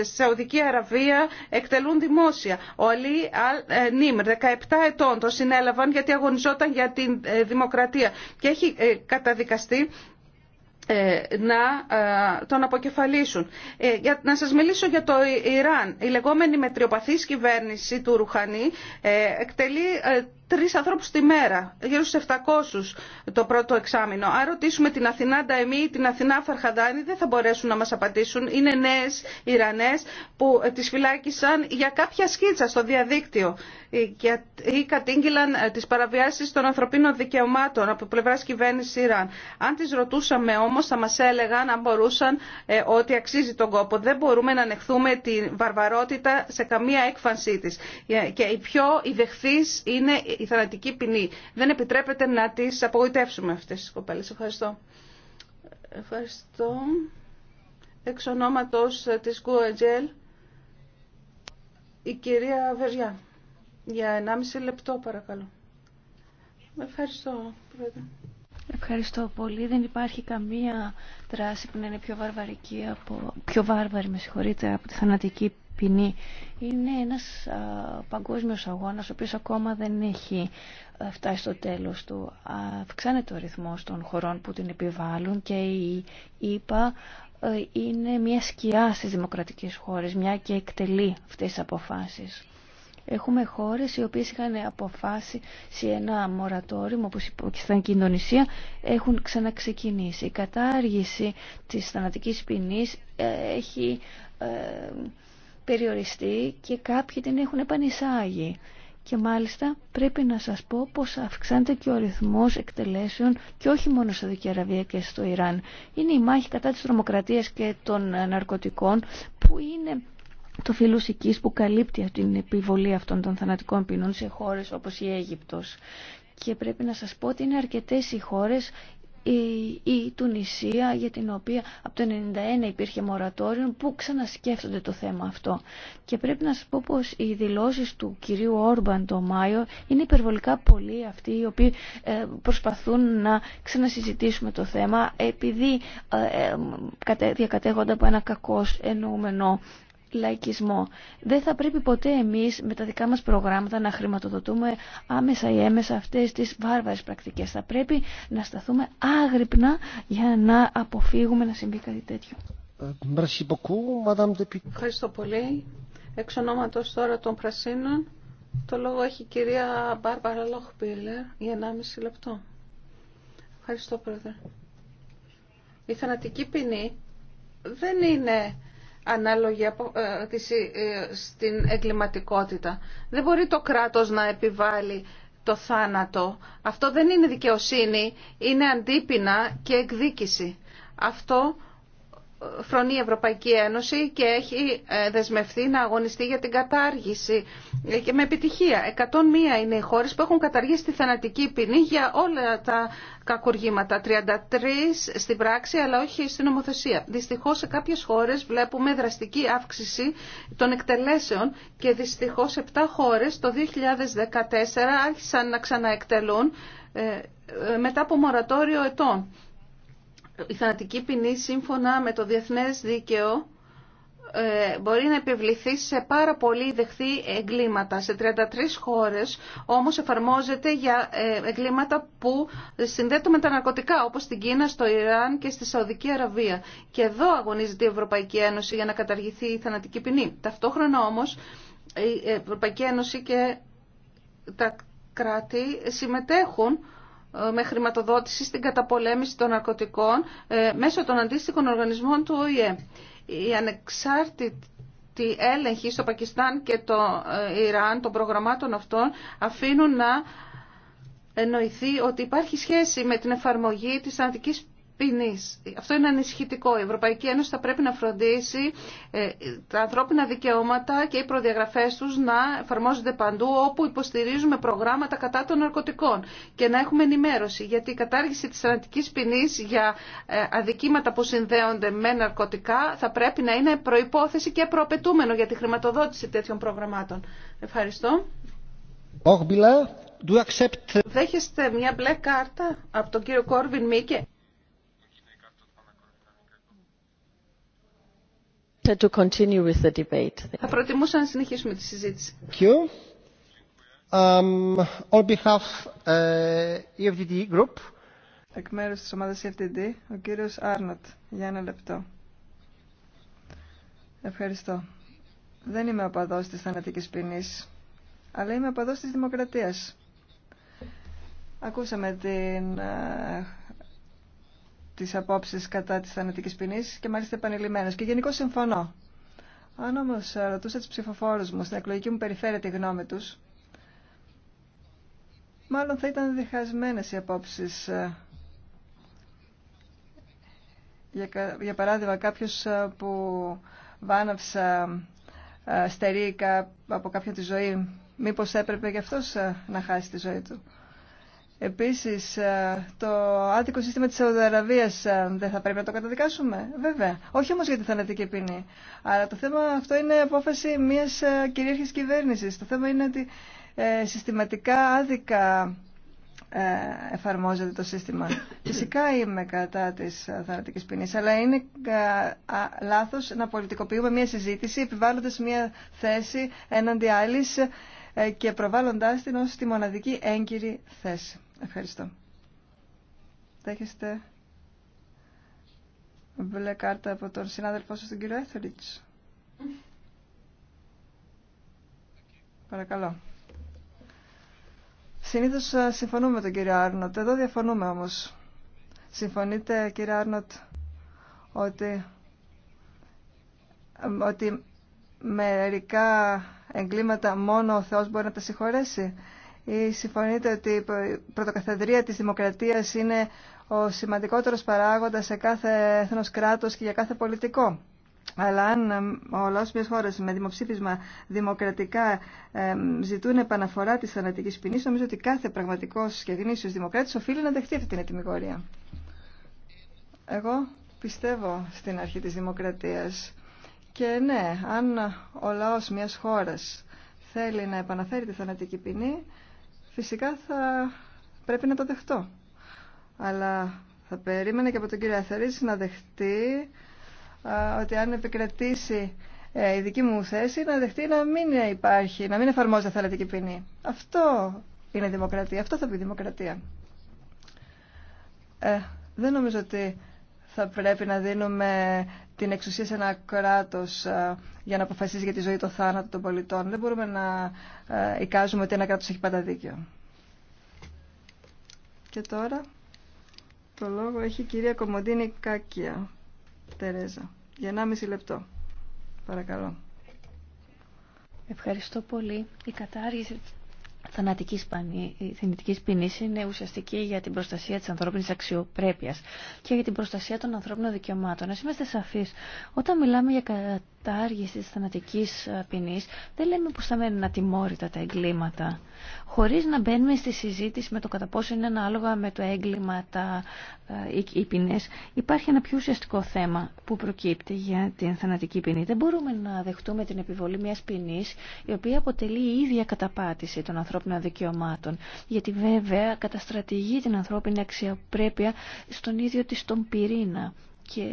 Σαουδική Αραβία εκτελούν δημόσια. Ο Αλή Αλ Νίμρ, 17 ετών, το συνέλαβαν γιατί αγωνιζόταν για την δημοκρατία και έχει καταδικαστεί ε, να ε, τον αποκεφαλίσουν. Ε, για, να σας μιλήσω για το Ιράν. Η λεγόμενη μετριοπαθής κυβέρνηση του Ρουχανή εκτελεί τρεις ανθρώπου τη μέρα, γύρω στους 700 το πρώτο εξάμεινο. Αν ρωτήσουμε την Αθηνά Νταεμή ή την Αθηνά Φαρχαδάνη δεν θα μπορέσουν να μας απαντήσουν. Είναι νέες Ιρανές που τις φυλάκισαν για κάποια σκίτσα στο διαδίκτυο ή κατήγγυλαν ε, τις παραβιάσεις των ανθρωπίνων δικαιωμάτων από πλευρά κυβέρνηση Ιράν. Αν τις ρωτούσαμε όμως θα μας έλεγαν αν μπορούσαν ε, ότι αξίζει τον κόπο. Δεν μπορούμε να ανεχθούμε τη βαρβαρότητα σε καμία έκφανσή τη. Ε, και πιο είναι η θανατική ποινή. Δεν επιτρέπεται να τις απογοητεύσουμε αυτές τι κοπέλε. Ευχαριστώ. Ευχαριστώ. Εξ ονόματο ε, της Κουατζέλ, η κυρία Βεριά. Για 1,5 λεπτό παρακαλώ. Ευχαριστώ, πρόεδρε. Ευχαριστώ πολύ. Δεν υπάρχει καμία δράση που να είναι πιο βαρβαρική από, πιο βάρβαρη, με από τη θανατική ποινή. Είναι ένας παγκόσμιος αγώνας ο οποίος ακόμα δεν έχει ε, φτάσει στο τέλος του. Αυξάνεται ο ρυθμός των χωρών που την επιβάλλουν και η ΕΠΑ ε, είναι μια σκιά στις δημοκρατικές χώρες, μια και εκτελεί αυτές τις αποφάσεις. Έχουμε χώρες οι οποίες είχαν αποφάσει σε ένα μορατόριμο, όπως η Πακιστάν και η έχουν ξαναξεκινήσει. Η κατάργηση της θανατικής ποινής ε, έχει περιοριστεί και κάποιοι την έχουν επανεισάγει. Και μάλιστα πρέπει να σας πω πως αυξάνεται και ο ρυθμός εκτελέσεων και όχι μόνο στη Δική και στο Ιράν. Είναι η μάχη κατά της τρομοκρατίας και των ναρκωτικών που είναι το φιλουσικής που καλύπτει την επιβολή αυτών των θανατικών ποινών σε χώρες όπως η Αίγυπτος. Και πρέπει να σας πω ότι είναι αρκετές οι χώρες η Τουνησία για την οποία από το 1991 υπήρχε μορατόριο που ξανασκέφτονται το θέμα αυτό. Και πρέπει να σας πω πως οι δηλώσεις του κυρίου Όρμπαν το Μάιο είναι υπερβολικά πολλοί αυτοί οι οποίοι ε, προσπαθούν να ξανασυζητήσουμε το θέμα επειδή ε, ε, διακατέχονται από ένα κακό εννοούμενο λαϊκισμό. Δεν θα πρέπει ποτέ εμείς με τα δικά μας προγράμματα να χρηματοδοτούμε άμεσα ή έμεσα αυτές τις βάρβαρες πρακτικές. Θα πρέπει να σταθούμε άγρυπνα για να αποφύγουμε να συμβεί κάτι τέτοιο. Ευχαριστώ πολύ. Εξ ονόματος τώρα των Πρασίνων, το λόγο έχει η κυρία Μπάρμπαρα Λόχπιλερ για 1,5 λεπτό. Ευχαριστώ, Πρόεδρε. Η θανατική ποινή δεν είναι ανάλογη ε, στην εγκληματικότητα. Δεν μπορεί το κράτος να επιβάλλει το θάνατο. Αυτό δεν είναι δικαιοσύνη, είναι αντίπεινα και εκδίκηση. Αυτό φρονεί η Ευρωπαϊκή Ένωση και έχει ε, δεσμευτεί να αγωνιστεί για την κατάργηση ε, και με επιτυχία. 101 είναι οι χώρες που έχουν καταργήσει τη θανατική ποινή για όλα τα κακουργήματα. 33 στην πράξη αλλά όχι στην νομοθεσία. Δυστυχώς σε κάποιες χώρες βλέπουμε δραστική αύξηση των εκτελέσεων και δυστυχώς 7 χώρες το 2014 άρχισαν να ξαναεκτελούν ε, μετά από μορατόριο ετών η θανατική ποινή σύμφωνα με το διεθνές δίκαιο ε, μπορεί να επιβληθεί σε πάρα πολύ δεχθεί εγκλήματα. Σε 33 χώρες όμως εφαρμόζεται για ε, εγκλήματα που συνδέονται με τα ναρκωτικά όπως στην Κίνα, στο Ιράν και στη Σαουδική Αραβία. Και εδώ αγωνίζεται η Ευρωπαϊκή Ένωση για να καταργηθεί η θανατική ποινή. Ταυτόχρονα όμως η Ευρωπαϊκή Ένωση και τα κράτη συμμετέχουν ε, με χρηματοδότηση στην καταπολέμηση των ναρκωτικών ε, μέσω των αντίστοιχων οργανισμών του ΟΗΕ. Η ανεξάρτητη έλεγχη στο Πακιστάν και το ε, Ιράν των προγραμμάτων αυτών αφήνουν να εννοηθεί ότι υπάρχει σχέση με την εφαρμογή της αντικής ποινή. Αυτό είναι ανησυχητικό. Η Ευρωπαϊκή Ένωση θα πρέπει να φροντίσει ε, τα ανθρώπινα δικαιώματα και οι προδιαγραφέ του να εφαρμόζονται παντού όπου υποστηρίζουμε προγράμματα κατά των ναρκωτικών και να έχουμε ενημέρωση. Γιατί η κατάργηση τη θανατική ποινή για ε, αδικήματα που συνδέονται με ναρκωτικά θα πρέπει να είναι προπόθεση και προαπαιτούμενο για τη χρηματοδότηση τέτοιων προγραμμάτων. Ευχαριστώ. Do Δέχεστε μια μπλε κάρτα από τον κύριο Κόρβιν Μίκε. Θα προτιμούσα να συνεχίσουμε τη συζήτηση. Εκ μέρους της ομάδας EFDD, ο κύριος Άρνοτ, για ένα λεπτό. Ευχαριστώ. Δεν είμαι απαδός της θανατικής ποινής, αλλά είμαι απαδός της δημοκρατίας. Ακούσαμε την ε, τι απόψει κατά τη θανατική ποινή και μάλιστα επανειλημμένε. Και γενικώ συμφωνώ. Αν όμω ρωτούσα του ψηφοφόρου μου στην εκλογική μου περιφέρεια τη γνώμη του. μάλλον θα ήταν διχασμένε οι απόψεις. Ε, για, παράδειγμα, κάποιο ε, που βάναυσα ε, στερεί από κάποια τη ζωή, μήπω έπρεπε και αυτό να χάσει τη ζωή του. Επίσης, ε, το άδικο σύστημα της Σαουδαραβίας ε, δεν θα πρέπει να το καταδικάσουμε. Βέβαια. Όχι όμως για τη θανατική ποινή. Αλλά το θέμα αυτό είναι απόφαση μιας ε, κυρίαρχης κυβέρνησης. Το θέμα είναι ότι συστηματικά άδικα εφαρμόζεται το σύστημα. Φυσικά είμαι κατά της θανατικής ποινής, αλλά είναι λάθος να πολιτικοποιούμε μια συζήτηση επιβάλλοντας μια θέση έναντι άλλης και προβάλλοντάς την ως τη μοναδική έγκυρη θέση. Ευχαριστώ. Δέχεστε μπλε κάρτα από τον συνάδελφό σας, τον κύριο Παρακαλώ. Συνήθως ε, συμφωνούμε με τον κύριο Άρνοτ. Εδώ διαφωνούμε όμως. Συμφωνείτε κύριε Άρνοτ ότι, ε, ότι μερικά εγκλήματα μόνο ο Θεός μπορεί να τα συγχωρέσει. Ή συμφωνείτε ότι η συμφωνείτε ότι η πρωτοκαθεδρία της δημοκρατίας είναι ο σημαντικότερος παράγοντας σε κάθε έθνος κράτος και για κάθε πολιτικό. Αλλά αν ο λαός μιας χώρας με δημοψήφισμα δημοκρατικά ζητούν επαναφορά της θανατικής ποινής, νομίζω ότι κάθε πραγματικός και γνήσιος δημοκράτης οφείλει να δεχτεί αυτή την ετοιμιγορία. Εγώ πιστεύω στην αρχή της δημοκρατίας. Και ναι, αν ο λαός μιας χώρας θέλει να επαναφέρει τη θανατική ποινή, φυσικά θα πρέπει να το δεχτώ. Αλλά θα περίμενα και από τον κύριο Αθαρίς να δεχτεί ότι αν επικρατήσει ε, η δική μου θέση να δεχτεί να μην υπάρχει, να μην εφαρμόζεται θερατική ποινή. Αυτό είναι δημοκρατία. Αυτό θα πει δημοκρατία. Ε, δεν νομίζω ότι θα πρέπει να δίνουμε την εξουσία σε ένα κράτο ε, για να αποφασίζει για τη ζωή το θάνατο των πολιτών. Δεν μπορούμε να ε, εικάζουμε ότι ένα κράτο έχει πάντα δίκιο. Και τώρα το λόγο έχει η κυρία Κομοντίνη Κάκια Τερέζα. Για 1,5 λεπτό. Παρακαλώ. Ευχαριστώ πολύ. Η κατάργηση Θανατική ποινή είναι ουσιαστική για την προστασία τη ανθρώπινη αξιοπρέπεια και για την προστασία των ανθρώπινων δικαιωμάτων. Ας είμαστε σαφείς, όταν μιλάμε για κατάργηση της θανατικής ε, ποινής δεν λέμε πως θα μένουν ατιμόρυτα τα εγκλήματα. Χωρίς να μπαίνουμε στη συζήτηση με το κατά πόσο είναι ανάλογα με το έγκλημα τα, ε, οι, οι ποινές, υπάρχει ένα πιο ουσιαστικό θέμα που προκύπτει για την θανατική ποινή. Δεν μπορούμε να δεχτούμε την επιβολή μιας ποινής η οποία αποτελεί η ίδια καταπάτηση των ανθρώπινων δικαιωμάτων. Γιατί βέβαια καταστρατηγεί την ανθρώπινη αξιοπρέπεια στον ίδιο της τον πυρήνα και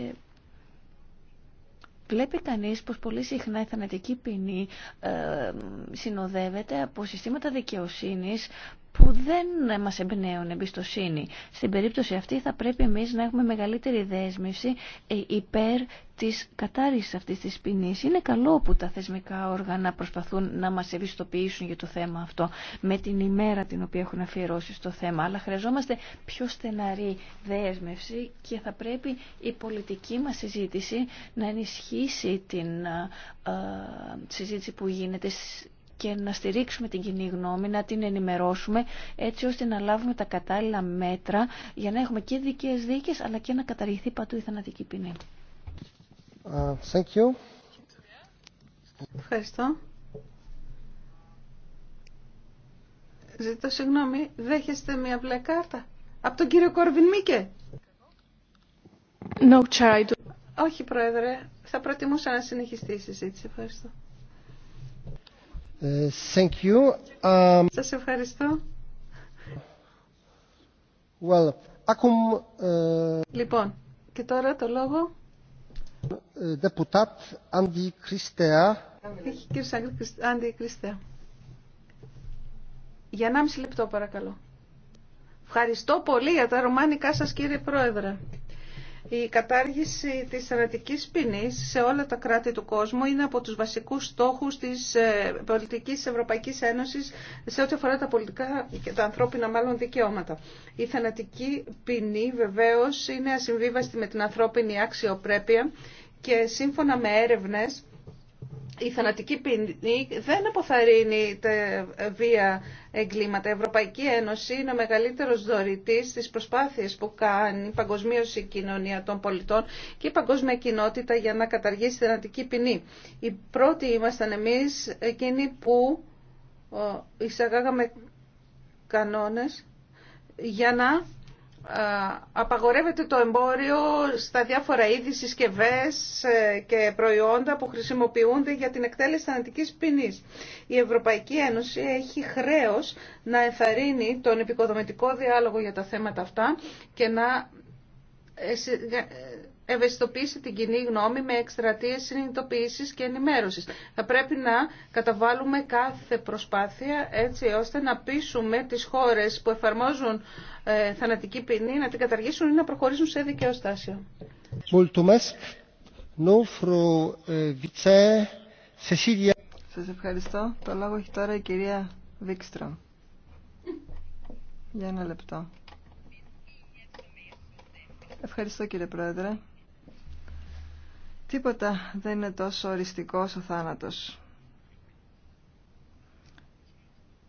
Βλέπει κανεί πως πολύ συχνά η θανατική ποινή ε, συνοδεύεται από συστήματα δικαιοσύνης που δεν μας εμπνέουν εμπιστοσύνη. Στην περίπτωση αυτή θα πρέπει εμείς να έχουμε μεγαλύτερη δέσμευση ε, υπέρ της κατάρρισης αυτής της ποινή. Είναι καλό που τα θεσμικά όργανα προσπαθούν να μας ευιστοποιήσουν για το θέμα αυτό με την ημέρα την οποία έχουν αφιερώσει στο θέμα. Αλλά χρειαζόμαστε πιο στεναρή δέσμευση και θα πρέπει η πολιτική μας συζήτηση να ενισχύσει την ε, ε, συζήτηση που γίνεται και να στηρίξουμε την κοινή γνώμη, να την ενημερώσουμε έτσι ώστε να λάβουμε τα κατάλληλα μέτρα για να έχουμε και δικές δίκες αλλά και να καταργηθεί πατού η θανατική ποινή. thank you. Ευχαριστώ. Ζητώ συγγνώμη, δέχεστε μια μπλε κάρτα από τον κύριο Κόρβιν Μίκε. No, Όχι, Πρόεδρε. Θα προτιμούσα να συνεχιστεί η συζήτηση. Ευχαριστώ. Ε, um, σας ευχαριστώ. Well, uh... Λοιπόν, και τώρα το λόγο. Ε, deputat Andy Christea. Κύριε αντι Christea. Για 1,5 λεπτό παρακαλώ. Ευχαριστώ πολύ για τα ρωμανικά σας κύριε Πρόεδρε. Η κατάργηση της θανατικής ποινής σε όλα τα κράτη του κόσμου είναι από τους βασικούς στόχους της ε, πολιτικής Ευρωπαϊκής Ένωσης σε ό,τι αφορά τα πολιτικά και τα ανθρώπινα μάλλον δικαιώματα. Η θανατική ποινή βεβαίως είναι ασυμβίβαστη με την ανθρώπινη αξιοπρέπεια και σύμφωνα με έρευνες η θανατική ποινή δεν αποθαρρύνει τα βία εγκλήματα. Η Ευρωπαϊκή Ένωση είναι ο μεγαλύτερος δωρητής στις προσπάθειες που κάνει η παγκοσμίωση κοινωνία των πολιτών και η παγκόσμια κοινότητα για να καταργήσει τη θανατική ποινή. Οι πρώτοι ήμασταν εμείς εκείνοι που ε, εισαγάγαμε κανόνες για να απαγορεύεται το εμπόριο στα διάφορα είδη συσκευέ ε, και προϊόντα που χρησιμοποιούνται για την εκτέλεση θανατικής ποινής. Η Ευρωπαϊκή Ένωση έχει χρέος να ενθαρρύνει τον επικοδομητικό διάλογο για τα θέματα αυτά και να ε, ευαισθητοποιήσει την κοινή γνώμη με εκστρατείες συνειδητοποίησης και ενημέρωσης. Θα πρέπει να καταβάλουμε κάθε προσπάθεια έτσι ώστε να πείσουμε τις χώρες που εφαρμόζουν ε, θανατική ποινή να την καταργήσουν ή να προχωρήσουν σε δικαιοστάσιο. Ε, Σας ευχαριστώ. Το λόγο έχει τώρα η κυρία Βίξτρο. Για ένα λεπτό. Ευχαριστώ κύριε Πρόεδρε. Τίποτα δεν είναι τόσο οριστικό ο θάνατος.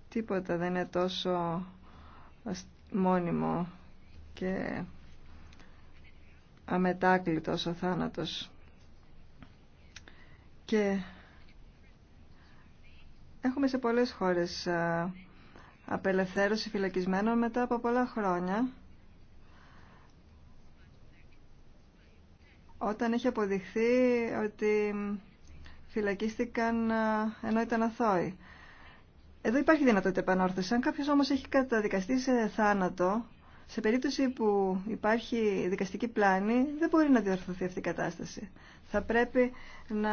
Τίποτα δεν είναι τόσο μόνιμο και αμετάκλητο ο θάνατος. Και έχουμε σε πολλές χώρες απελευθέρωση φυλακισμένων μετά από πολλά χρόνια όταν έχει αποδειχθεί ότι φυλακίστηκαν ενώ ήταν αθώοι. Εδώ υπάρχει δυνατότητα επανόρθωση. Αν κάποιο όμω έχει καταδικαστεί σε θάνατο, σε περίπτωση που υπάρχει δικαστική πλάνη, δεν μπορεί να διορθωθεί αυτή η κατάσταση. Θα πρέπει να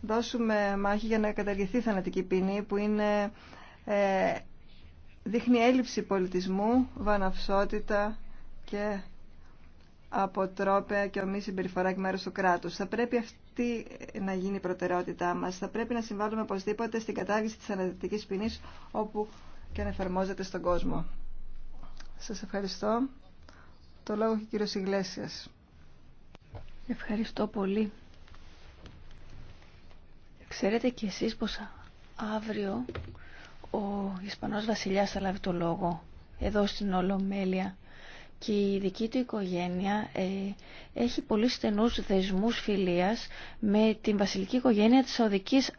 δώσουμε μάχη για να καταργηθεί η θανατική ποινή, που είναι, ε, δείχνει έλλειψη πολιτισμού, βαναυσότητα και από αποτρόπαια και ομή συμπεριφορά εκ μέρου του κράτου. Θα πρέπει αυτή να γίνει η προτεραιότητά μας. Θα πρέπει να συμβάλλουμε οπωσδήποτε στην κατάργηση της αναδυτική ποινή όπου και να εφαρμόζεται στον κόσμο. Σας ευχαριστώ. Το λόγο έχει ο κύριο Ευχαριστώ πολύ. Ξέρετε κι εσείς πως αύριο ο Ισπανός Βασιλιάς θα λάβει το λόγο εδώ στην Ολομέλεια και η δική του οικογένεια ε, έχει πολύ στενούς δεσμούς φιλίας με την βασιλική οικογένεια της Σαουδικής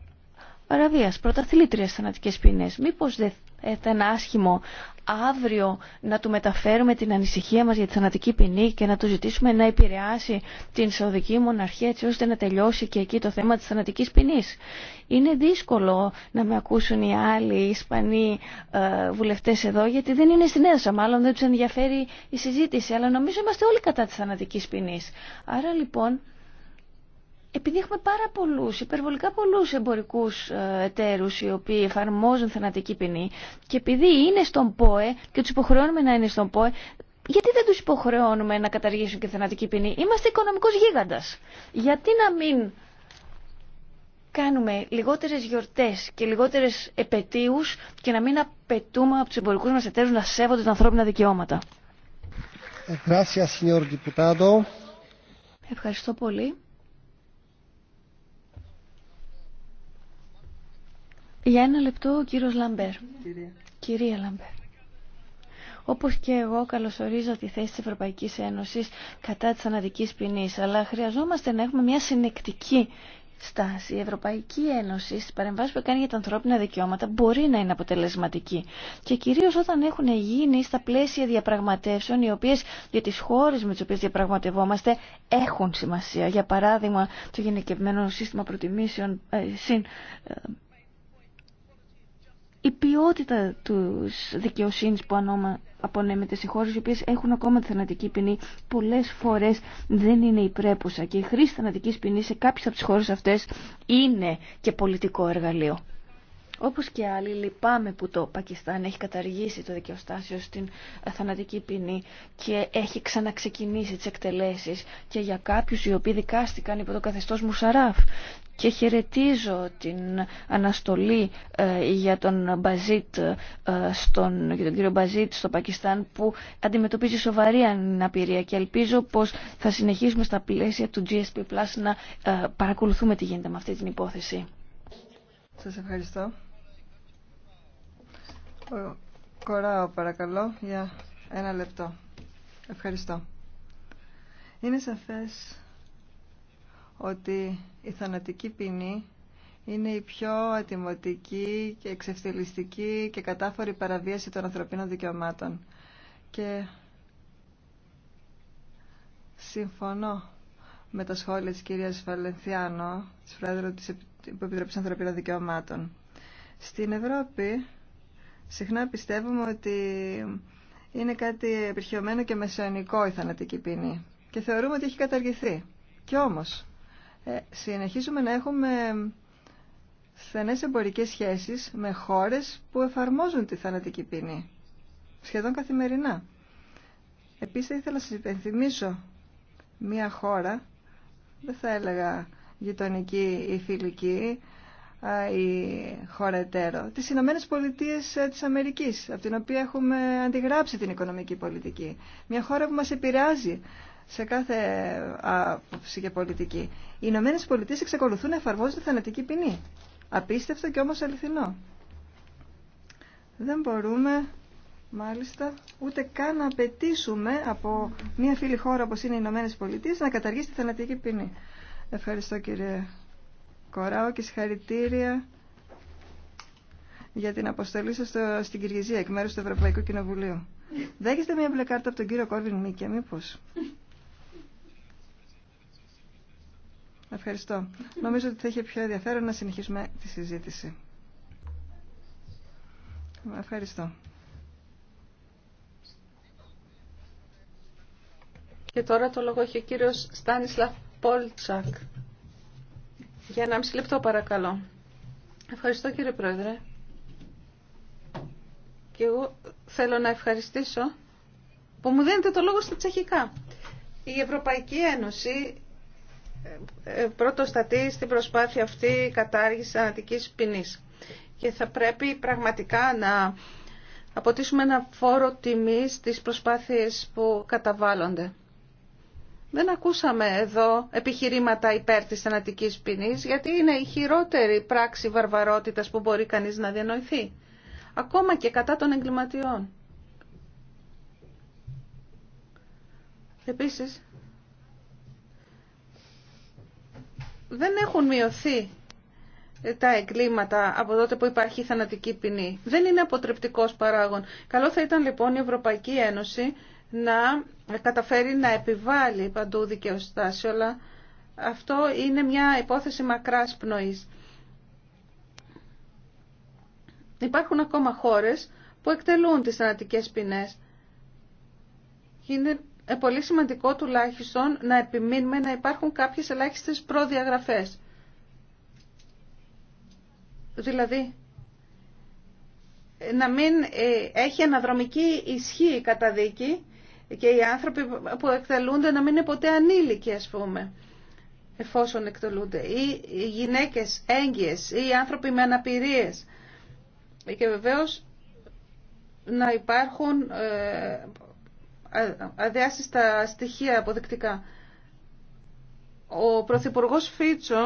παραβίας, πρωταθλήτριας θανατικές ποινές. Μήπως δεν θα είναι άσχημο αύριο να του μεταφέρουμε την ανησυχία μας για τη θανατική ποινή και να του ζητήσουμε να επηρεάσει την Σαουδική Μοναρχία έτσι ώστε να τελειώσει και εκεί το θέμα της θανατικής ποινή. Είναι δύσκολο να με ακούσουν οι άλλοι οι Ισπανοί ε, βουλευτές εδώ γιατί δεν είναι στην αίθουσα, μάλλον δεν τους ενδιαφέρει η συζήτηση, αλλά νομίζω είμαστε όλοι κατά της θανατική ποινή. Άρα λοιπόν επειδή έχουμε πάρα πολλούς, υπερβολικά πολλούς εμπορικούς ε, εταίρους οι οποίοι εφαρμόζουν θανατική ποινή και επειδή είναι στον ΠΟΕ και τους υποχρεώνουμε να είναι στον ΠΟΕ, γιατί δεν τους υποχρεώνουμε να καταργήσουν και θανατική ποινή. Είμαστε οικονομικός γίγαντας. Γιατί να μην κάνουμε λιγότερες γιορτές και λιγότερες επαιτίους και να μην απαιτούμε από τους εμπορικούς μας εταίρους να σέβονται τα ανθρώπινα δικαιώματα. Ευχαριστώ πολύ. Για ένα λεπτό ο κύριος Λαμπέρ. Κυρία, Κυρία Λαμπέρ. Όπως και εγώ καλωσορίζω τη θέση της Ευρωπαϊκής Ένωσης κατά της αναδικής ποινής, αλλά χρειαζόμαστε να έχουμε μια συνεκτική στάση. Η Ευρωπαϊκή Ένωση στις παρεμβάσεις που κάνει για τα ανθρώπινα δικαιώματα μπορεί να είναι αποτελεσματική. Και κυρίως όταν έχουν γίνει στα πλαίσια διαπραγματεύσεων, οι οποίες για τις χώρες με τις οποίες διαπραγματευόμαστε έχουν σημασία. Για παράδειγμα, το γενικευμένο σύστημα προτιμήσεων ε, συν, ε, η ποιότητα της δικαιοσύνης που ανώμα, απονέμεται σε χώρες οι οποίες έχουν ακόμα τη θανατική ποινή πολλές φορές δεν είναι υπρέπουσα και η χρήση θανατικής ποινής σε κάποιες από τις χώρες αυτές είναι και πολιτικό εργαλείο. Όπως και άλλοι, λυπάμαι που το Πακιστάν έχει καταργήσει το δικαιοστάσιο στην ε, θανατική ποινή και έχει ξαναξεκινήσει τις εκτελέσεις και για κάποιους οι οποίοι δικάστηκαν υπό το καθεστώς Μουσαράφ και χαιρετίζω την αναστολή ε, για τον, Μπαζίτ, ε, στον, για τον κύριο Μπαζίτ στο Πακιστάν που αντιμετωπίζει σοβαρή αναπηρία και ελπίζω πως θα συνεχίσουμε στα πλαίσια του GSP Plus να ε, παρακολουθούμε τι γίνεται με αυτή την υπόθεση. Σας ευχαριστώ. Κοράω παρακαλώ για ένα λεπτό. Ευχαριστώ. Είναι σαφές ότι η θανατική ποινή είναι η πιο ατιμωτική και εξευθυλιστική και κατάφορη παραβίαση των ανθρωπίνων δικαιωμάτων. Και συμφωνώ με τα σχόλια της κυρίας Βαλενθιάνο, της Πρόεδρου της Επιτροπής Ανθρωπίνων Δικαιωμάτων. Στην Ευρώπη συχνά πιστεύουμε ότι είναι κάτι επιχειωμένο και μεσαιωνικό η θανατική ποινή και θεωρούμε ότι έχει καταργηθεί. Και όμως ε, συνεχίζουμε να έχουμε στενές εμπορικές σχέσεις με χώρες που εφαρμόζουν τη θανατική ποινή σχεδόν καθημερινά. Επίσης ήθελα να σας υπενθυμίσω μια χώρα, δεν θα έλεγα γειτονική ή φιλική, η χώρα εταίρο, τις Ηνωμένε Πολιτείες ε, της Αμερικής, από την οποία έχουμε αντιγράψει την οικονομική πολιτική. Μια χώρα που μας επηρεάζει σε κάθε άποψη και πολιτική. Οι Ηνωμένε Πολιτείε εξακολουθούν να εφαρμόζονται θανατική ποινή. Απίστευτο και όμω αληθινό. Δεν μπορούμε, μάλιστα, ούτε καν να απαιτήσουμε από μια φίλη χώρα όπω είναι οι Ηνωμένε Πολιτείε να καταργήσει τη θανατική ποινή. Ευχαριστώ κύριε Κοράο και συγχαρητήρια για την αποστολή σας στην Κυριαζία εκ μέρου του Ευρωπαϊκού Κοινοβουλίου. Δέχεστε μια μπλε κάρτα από τον κύριο Κόρβιν Μίκια, μήπω. Ευχαριστώ. Νομίζω ότι θα είχε πιο ενδιαφέρον να συνεχίσουμε τη συζήτηση. Ευχαριστώ. Και τώρα το λόγο έχει ο κύριος Στάνισλαφ Πόλτσακ. Για μισή λεπτό παρακαλώ. Ευχαριστώ κύριε Πρόεδρε. Και εγώ θέλω να ευχαριστήσω που μου δίνετε το λόγο στα τσεχικά. Η Ευρωπαϊκή Ένωση ε, πρώτο στατή στην προσπάθεια αυτή κατάργηση ανατικής ποινής. Και θα πρέπει πραγματικά να αποτίσουμε ένα φόρο τιμής στις προσπάθειες που καταβάλλονται. Δεν ακούσαμε εδώ επιχειρήματα υπέρ της θανατικής ποινής, γιατί είναι η χειρότερη πράξη βαρβαρότητας που μπορεί κανείς να διανοηθεί. Ακόμα και κατά των εγκληματιών. Επίσης, δεν έχουν μειωθεί τα εγκλήματα από τότε που υπάρχει η θανατική ποινή. Δεν είναι αποτρεπτικός παράγον. Καλό θα ήταν λοιπόν η Ευρωπαϊκή Ένωση να καταφέρει να επιβάλλει παντού δικαιοστάση, αλλά αυτό είναι μια υπόθεση μακράς πνοής. Υπάρχουν ακόμα χώρες που εκτελούν τις θανατικές ποινές. Είναι ε, πολύ σημαντικό τουλάχιστον να επιμείνουμε να υπάρχουν κάποιες ελάχιστες προδιαγραφές. Δηλαδή, να μην ε, έχει αναδρομική ισχύ η καταδίκη και οι άνθρωποι που εκτελούνται να μην είναι ποτέ ανήλικοι, ας πούμε, εφόσον εκτελούνται. Ή οι γυναίκες έγκυες, ή οι άνθρωποι με αναπηρίες. Και βεβαίως να υπάρχουν ε, αδειάσει τα στοιχεία αποδεικτικά. Ο Πρωθυπουργό Φίτσο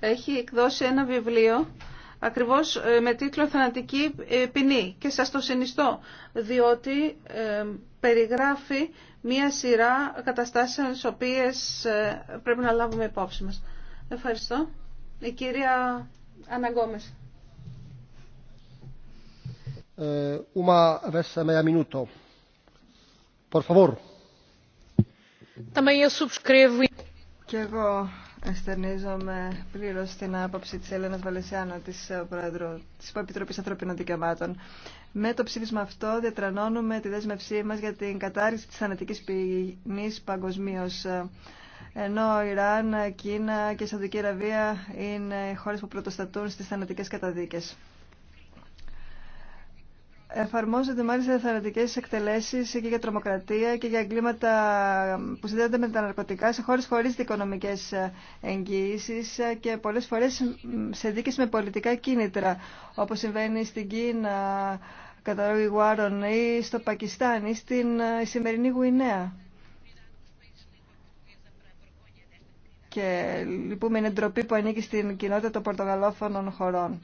έχει εκδώσει ένα βιβλίο ακριβώς ε, με τίτλο «Θανατική ε, ποινή» και σας το συνιστώ, διότι ε, περιγράφει μία σειρά καταστάσεων στις οποίες πρέπει να λάβουμε υπόψη μας. Ευχαριστώ. Η κυρία Αναγκόμες. Ε, και εγώ εστερνίζομαι πλήρω στην άποψη τη Έλενα Βαλεσιάνα, τη ε, Πρόεδρου τη Επιτροπή Ανθρωπίνων Δικαιωμάτων. Με το ψήφισμα αυτό διατρανώνουμε τη δέσμευσή μα για την κατάρριξη τη θανατική ποινή παγκοσμίω. Ε, ενώ Ιράν, Κίνα και Σαουδική Αραβία είναι χώρε που πρωτοστατούν στι θανατικέ καταδίκε. Εφαρμόζονται μάλιστα θανατικές εκτελέσεις και για τρομοκρατία και για εγκλήματα που συνδέονται με τα ναρκωτικά σε χώρε χωρίς δικονομικέ εγγύησει και πολλές φορές σε δίκες με πολιτικά κίνητρα, όπως συμβαίνει στην Κίνα, κατά Ιγουάρων ή στο Πακιστάν ή στην σημερινή Γουινέα. Και λυπούμε λοιπόν, είναι ντροπή που ανήκει στην κοινότητα των Πορτογαλόφωνων χωρών.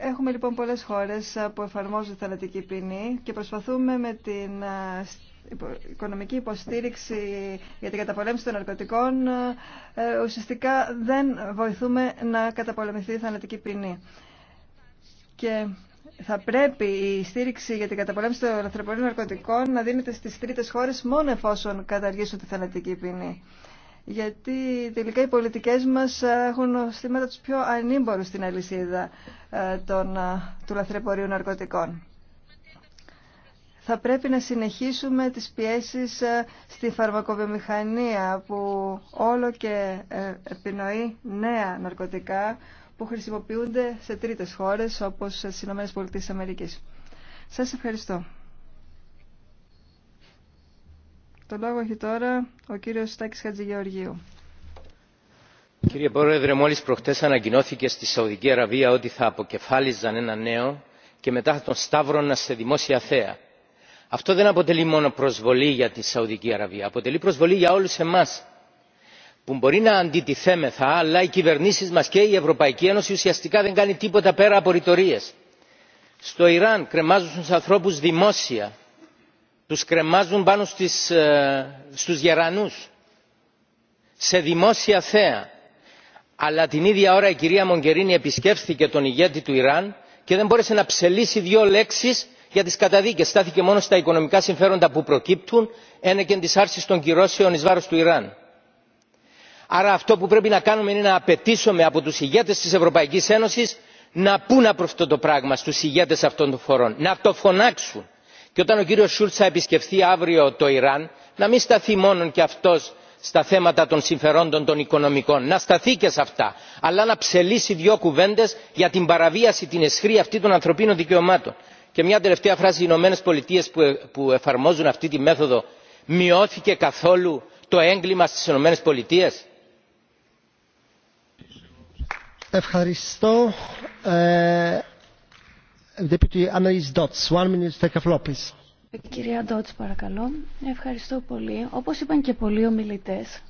Έχουμε λοιπόν πολλές χώρες που εφαρμόζουν θανατική ποινή και προσπαθούμε με την οικονομική υποστήριξη για την καταπολέμηση των ναρκωτικών ε, ουσιαστικά δεν βοηθούμε να καταπολεμηθεί η θανατική ποινή. Και θα πρέπει η στήριξη για την καταπολέμηση των ανθρωπίνων ναρκωτικών να δίνεται στις τρίτες χώρες μόνο εφόσον καταργήσουν τη θανατική ποινή γιατί τελικά οι πολιτικές μας έχουν στήματα τους πιο ανήμπορους στην αλυσίδα ε, των, ε, του λαθρεπορείου ναρκωτικών. Θα πρέπει να συνεχίσουμε τις πιέσεις ε, στη φαρμακοβιομηχανία που όλο και επινοεί νέα ναρκωτικά που χρησιμοποιούνται σε τρίτες χώρες όπως στις ΗΠΑ. Σας ευχαριστώ. Το λόγο έχει τώρα ο κύριος Στάκης Χατζηγεωργίου. Κύριε Πρόεδρε, μόλις προχτές ανακοινώθηκε στη Σαουδική Αραβία ότι θα αποκεφάλιζαν ένα νέο και μετά θα τον σταύρωναν σε δημόσια θέα. Αυτό δεν αποτελεί μόνο προσβολή για τη Σαουδική Αραβία, αποτελεί προσβολή για όλους εμάς που μπορεί να αντιτιθέμεθα, αλλά οι κυβερνήσεις μας και η Ευρωπαϊκή Ένωση ουσιαστικά δεν κάνει τίποτα πέρα από ρητορίες. Στο Ιράν κρεμάζουν στους ανθρώπους δημόσια τους κρεμάζουν πάνω στις, ε, στους γερανούς σε δημόσια θέα. Αλλά την ίδια ώρα η κυρία Μογκερίνη επισκέφθηκε τον ηγέτη του Ιράν και δεν μπόρεσε να ψελίσει δύο λέξεις για τις καταδίκες. Στάθηκε μόνο στα οικονομικά συμφέροντα που προκύπτουν και της άρσης των κυρώσεων εις βάρος του Ιράν. Άρα αυτό που πρέπει να κάνουμε είναι να απαιτήσουμε από τους ηγέτες της Ευρωπαϊκής Ένωσης να πούν από αυτό το πράγμα στους ηγέτες αυτών των φορών, να το φωνάξουν και όταν ο κύριος σουλτ θα επισκεφθεί αύριο το ιράν να μην σταθεί μόνο και αυτός στα θέματα των συμφερόντων των οικονομικών να σταθεί και σε αυτά αλλά να ψελίσει δύο κουβέντες για την παραβίαση την αισχρή αυτή των ανθρωπίνων δικαιωμάτων. και μια τελευταία φράση οι ηνωμένες πολιτείες που εφαρμόζουν αυτή τη μέθοδο μειώθηκε καθόλου το έγκλημα στις ηνωμένες πολιτείες; Ευχαριστώ. Ε, Κυρία Ντότς, παρακαλώ. Ευχαριστώ πολύ. Όπως είπαν και πολλοί ομιλητές,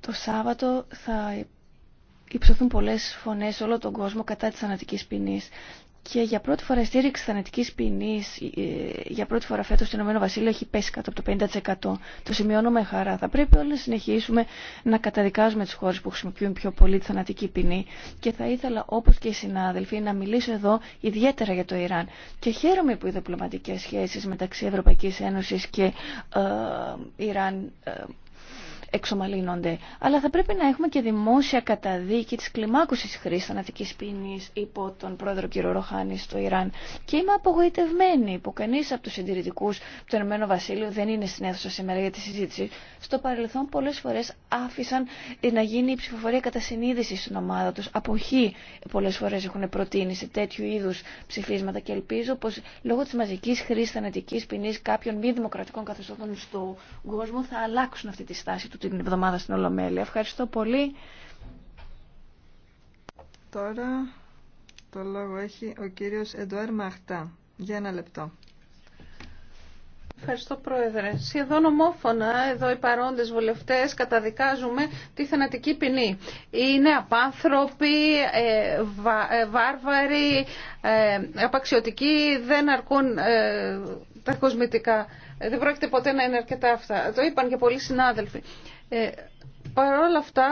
το Σάββατο θα υψωθούν πολλές φωνές σε όλο τον κόσμο κατά της θανατικής ποινής και για πρώτη φορά η στήριξη θανατικής ποινής, ε, για πρώτη φορά φέτος στην Ηνωμένο έχει πέσει κάτω από το 50%. Το σημειώνω με χαρά. Θα πρέπει όλοι να συνεχίσουμε να καταδικάζουμε τις χώρες που χρησιμοποιούν πιο πολύ τη θανατική ποινή. Και θα ήθελα, όπως και οι συνάδελφοι, να μιλήσω εδώ ιδιαίτερα για το Ιράν. Και χαίρομαι που οι διπλωματικές σχέσεις μεταξύ Ευρωπαϊκής Ένωσης και ε, Ιράν... Ε, εξομαλύνονται. Αλλά θα πρέπει να έχουμε και δημόσια καταδίκη της κλιμάκωσης χρήση θανατικής ποινής υπό τον πρόεδρο κ. Ροχάνη στο Ιράν. Και είμαι απογοητευμένη που κανείς από τους συντηρητικούς του Ηνωμένου Βασίλειου δεν είναι στην αίθουσα σήμερα για τη συζήτηση. Στο παρελθόν πολλές φορές άφησαν να γίνει η ψηφοφορία κατά συνείδηση στην ομάδα τους. Αποχή πολλές φορές έχουν προτείνει σε τέτοιου είδους ψηφίσματα και ελπίζω πως λόγω της μαζικής χρήση θανατικής ποινής κάποιων μη δημοκρατικών καθεστώτων στον κόσμο θα αλλάξουν αυτή τη στάση του την εβδομάδα στην Ολομέλεια. Ευχαριστώ πολύ. Τώρα το λόγο έχει ο κύριος Εντουάρ Μαχτά. Για ένα λεπτό. Ευχαριστώ Πρόεδρε. Σχεδόν ομόφωνα εδώ οι παρόντες βουλευτές καταδικάζουμε τη θανατική ποινή. Είναι απάνθρωποι, ε, βα, ε, βάρβαροι, ε, απαξιωτικοί, δεν αρκούν ε, τα κοσμητικά. Δεν πρόκειται ποτέ να είναι αρκετά αυτά. Το είπαν και πολλοί συνάδελφοι. Ε, Παρ' όλα αυτά,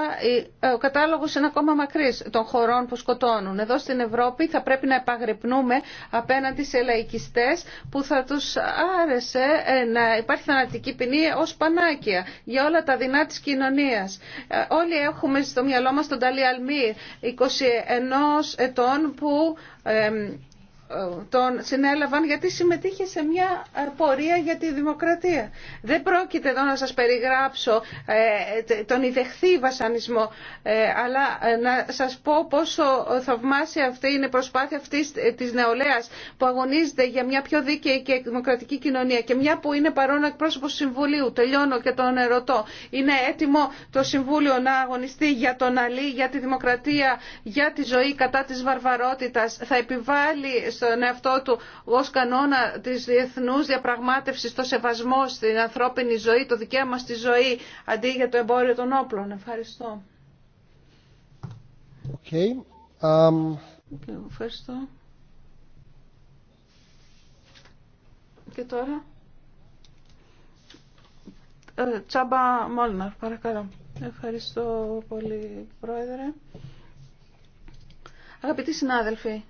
ε, ο κατάλογο είναι ακόμα μακρύ των χωρών που σκοτώνουν. Εδώ στην Ευρώπη θα πρέπει να επαγρυπνούμε απέναντι σε λαϊκιστέ που θα του άρεσε ε, να υπάρχει θανατική ποινή ω πανάκια για όλα τα δεινά τη κοινωνία. Όλοι έχουμε στο μυαλό μα τον Ταλή Αλμύρ, 21 ετών που τον συνέλαβαν γιατί συμμετείχε σε μια ε, πορεία για τη δημοκρατία. Δεν πρόκειται εδώ να σας περιγράψω ε, τον ιδεχθή βασανισμό, ε, αλλά να σας πω πόσο θαυμάσια αυτή είναι η προσπάθεια αυτή της νεολαίας που αγωνίζεται για μια πιο δίκαιη και δημοκρατική κοινωνία και μια που είναι παρόν εκπρόσωπο Συμβουλίου. Τελειώνω και τον ερωτώ. Είναι έτοιμο το Συμβούλιο να αγωνιστεί για τον Αλή, για τη δημοκρατία, για τη ζωή κατά της βαρβαρότητας. Θα επιβάλλει στον εαυτό του ως κανόνα της διεθνούς διαπραγμάτευσης, το σεβασμό στην ανθρώπινη ζωή, το δικαίωμα στη ζωή, αντί για το εμπόριο των όπλων. Ευχαριστώ. Okay. Um... Ευχαριστώ. Και τώρα. Ε, Τσάμπα Μόλναρ, παρακαλώ. Ευχαριστώ πολύ, Πρόεδρε. Αγαπητοί συνάδελφοι,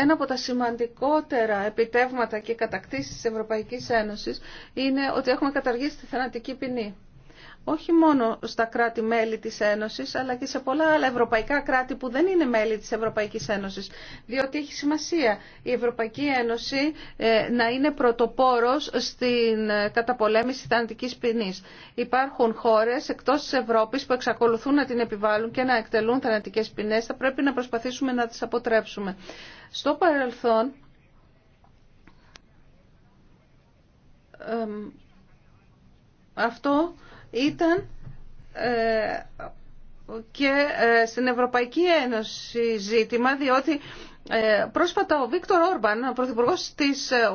ένα από τα σημαντικότερα επιτεύγματα και κατακτήσεις της Ευρωπαϊκής Ένωσης είναι ότι έχουμε καταργήσει τη θανατική ποινή όχι μόνο στα κράτη-μέλη της Ένωσης, αλλά και σε πολλά άλλα ευρωπαϊκά κράτη που δεν είναι μέλη της Ευρωπαϊκής Ένωσης. Διότι έχει σημασία η Ευρωπαϊκή Ένωση ε, να είναι πρωτοπόρος στην ε, καταπολέμηση θανατικής ποινής. Υπάρχουν χώρες εκτός της Ευρώπης που εξακολουθούν να την επιβάλλουν και να εκτελούν θανατικές ποινές. Θα πρέπει να προσπαθήσουμε να τις αποτρέψουμε. Στο παρελθόν, αυτό ήταν ε, και ε, στην Ευρωπαϊκή Ένωση ζήτημα, διότι ε, πρόσφατα ο Βίκτορ Όρμπαν, ο Πρωθυπουργό τη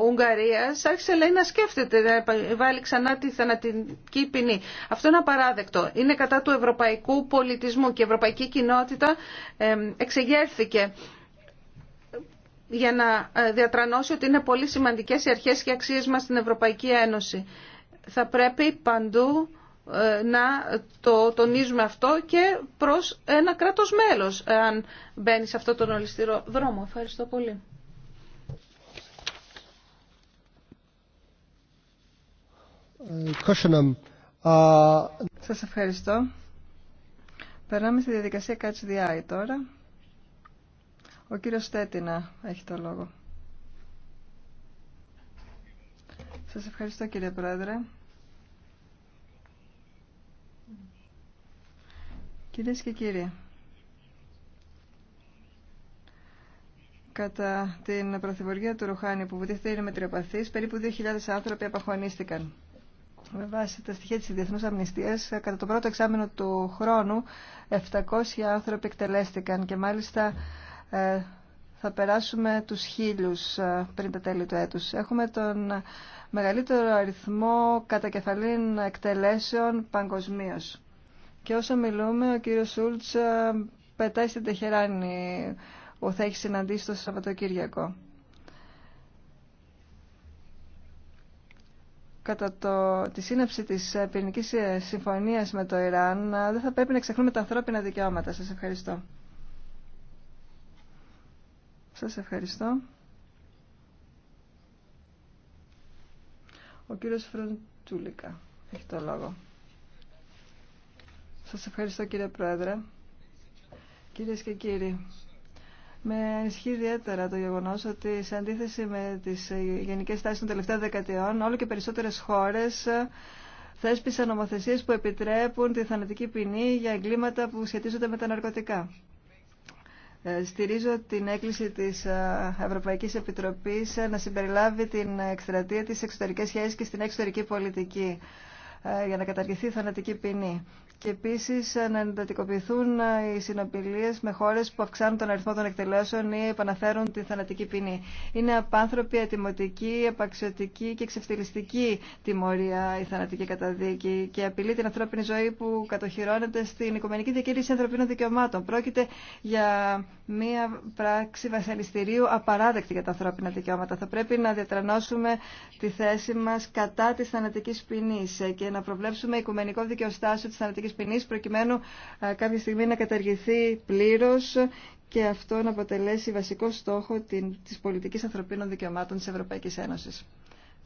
Ουγγαρία, άρχισε λέει, να σκέφτεται να βάλει ξανά τη θανατική ποινή. Αυτό είναι απαράδεκτο. Είναι κατά του ευρωπαϊκού πολιτισμού και η ευρωπαϊκή κοινότητα εξεγέρθηκε για να διατρανώσει ότι είναι πολύ σημαντικές οι αρχές και αξίες μας στην Ευρωπαϊκή Ένωση. Θα πρέπει παντού ε, να το τονίζουμε αυτό και προς ένα κράτος μέλος, αν μπαίνει σε αυτό τον ολιστήρο δρόμο. Ευχαριστώ πολύ. Σας ευχαριστώ. Περνάμε στη διαδικασία Catch the τώρα. Ο κύριος Στέτινα έχει το λόγο. Σας ευχαριστώ κύριε Πρόεδρε. Κυρίες και κύριοι, κατά την Πρωθυπουργία του Ρουχάνη που βουτήθηκε είναι μετριοπαθής, περίπου 2.000 άνθρωποι απαχωνίστηκαν. Με βάση τα στοιχεία της Διεθνούς Αμνηστίας, κατά το πρώτο εξάμεινο του χρόνου, 700 άνθρωποι εκτελέστηκαν και μάλιστα ε, θα περάσουμε τους χίλιους ε, πριν τα τέλη του έτους. Έχουμε τον μεγαλύτερο αριθμό κατακεφαλήν εκτελέσεων παγκοσμίως. Και όσο μιλούμε, ο κύριος Σούλτς ε, πετάει στην Τεχεράνη που θα έχει συναντήσει το Σαββατοκύριακο. Κατά το, τη σύναψη της ε, πυρηνικής ε, συμφωνίας με το Ιράν δεν θα πρέπει να ξεχνούμε τα ανθρώπινα δικαιώματα. Σας ευχαριστώ. Σας ευχαριστώ. Ο κύριος Φροντζούλικα έχει το λόγο. Σας ευχαριστώ κύριε Πρόεδρε. Κυρίες και κύριοι, με ισχύει ιδιαίτερα το γεγονός ότι σε αντίθεση με τις γενικές τάσεις των τελευταίων δεκαετιών, όλο και περισσότερες χώρες θέσπισαν νομοθεσίες που επιτρέπουν τη θανατική ποινή για εγκλήματα που σχετίζονται με τα ναρκωτικά. Ε, στηρίζω την έκκληση της ε, Ευρωπαϊκής Επιτροπής ε, να συμπεριλάβει την εκστρατεία της εξωτερικές σχέσεις και στην εξωτερική πολιτική για να καταργηθεί η θανατική ποινή και επίσης να εντατικοποιηθούν ε, οι συνοπηλίες με χώρες που αυξάνουν τον αριθμό των εκτελέσεων ή επαναφέρουν την θανατική ποινή. Είναι απάνθρωπη, ατιμωτική, επαξιωτική και εξευτελιστική τιμωρία η θανατική καταδίκη και απειλεί τη θανατικη ποινη ειναι απανθρωπη ατιμωτικη απαξιωτικη και ξεφτυλιστικη τιμωρια ζωή που κατοχυρώνεται στην Οικουμενική Διακήρυξη Ανθρωπίνων Δικαιωμάτων. Πρόκειται για μία πράξη βασανιστηρίου απαράδεκτη για τα ανθρώπινα δικαιώματα. Θα πρέπει να διατρανώσουμε τη θέση μας κατά της θανατική ποινή και να προβλέψουμε οικουμενικό δικαιοστάσιο της θανατικής ποινή προκειμένου ε, κάποια στιγμή να καταργηθεί πλήρω και αυτό να αποτελέσει βασικό στόχο της πολιτικής ανθρωπίνων δικαιωμάτων της Ευρωπαϊκής Ένωσης.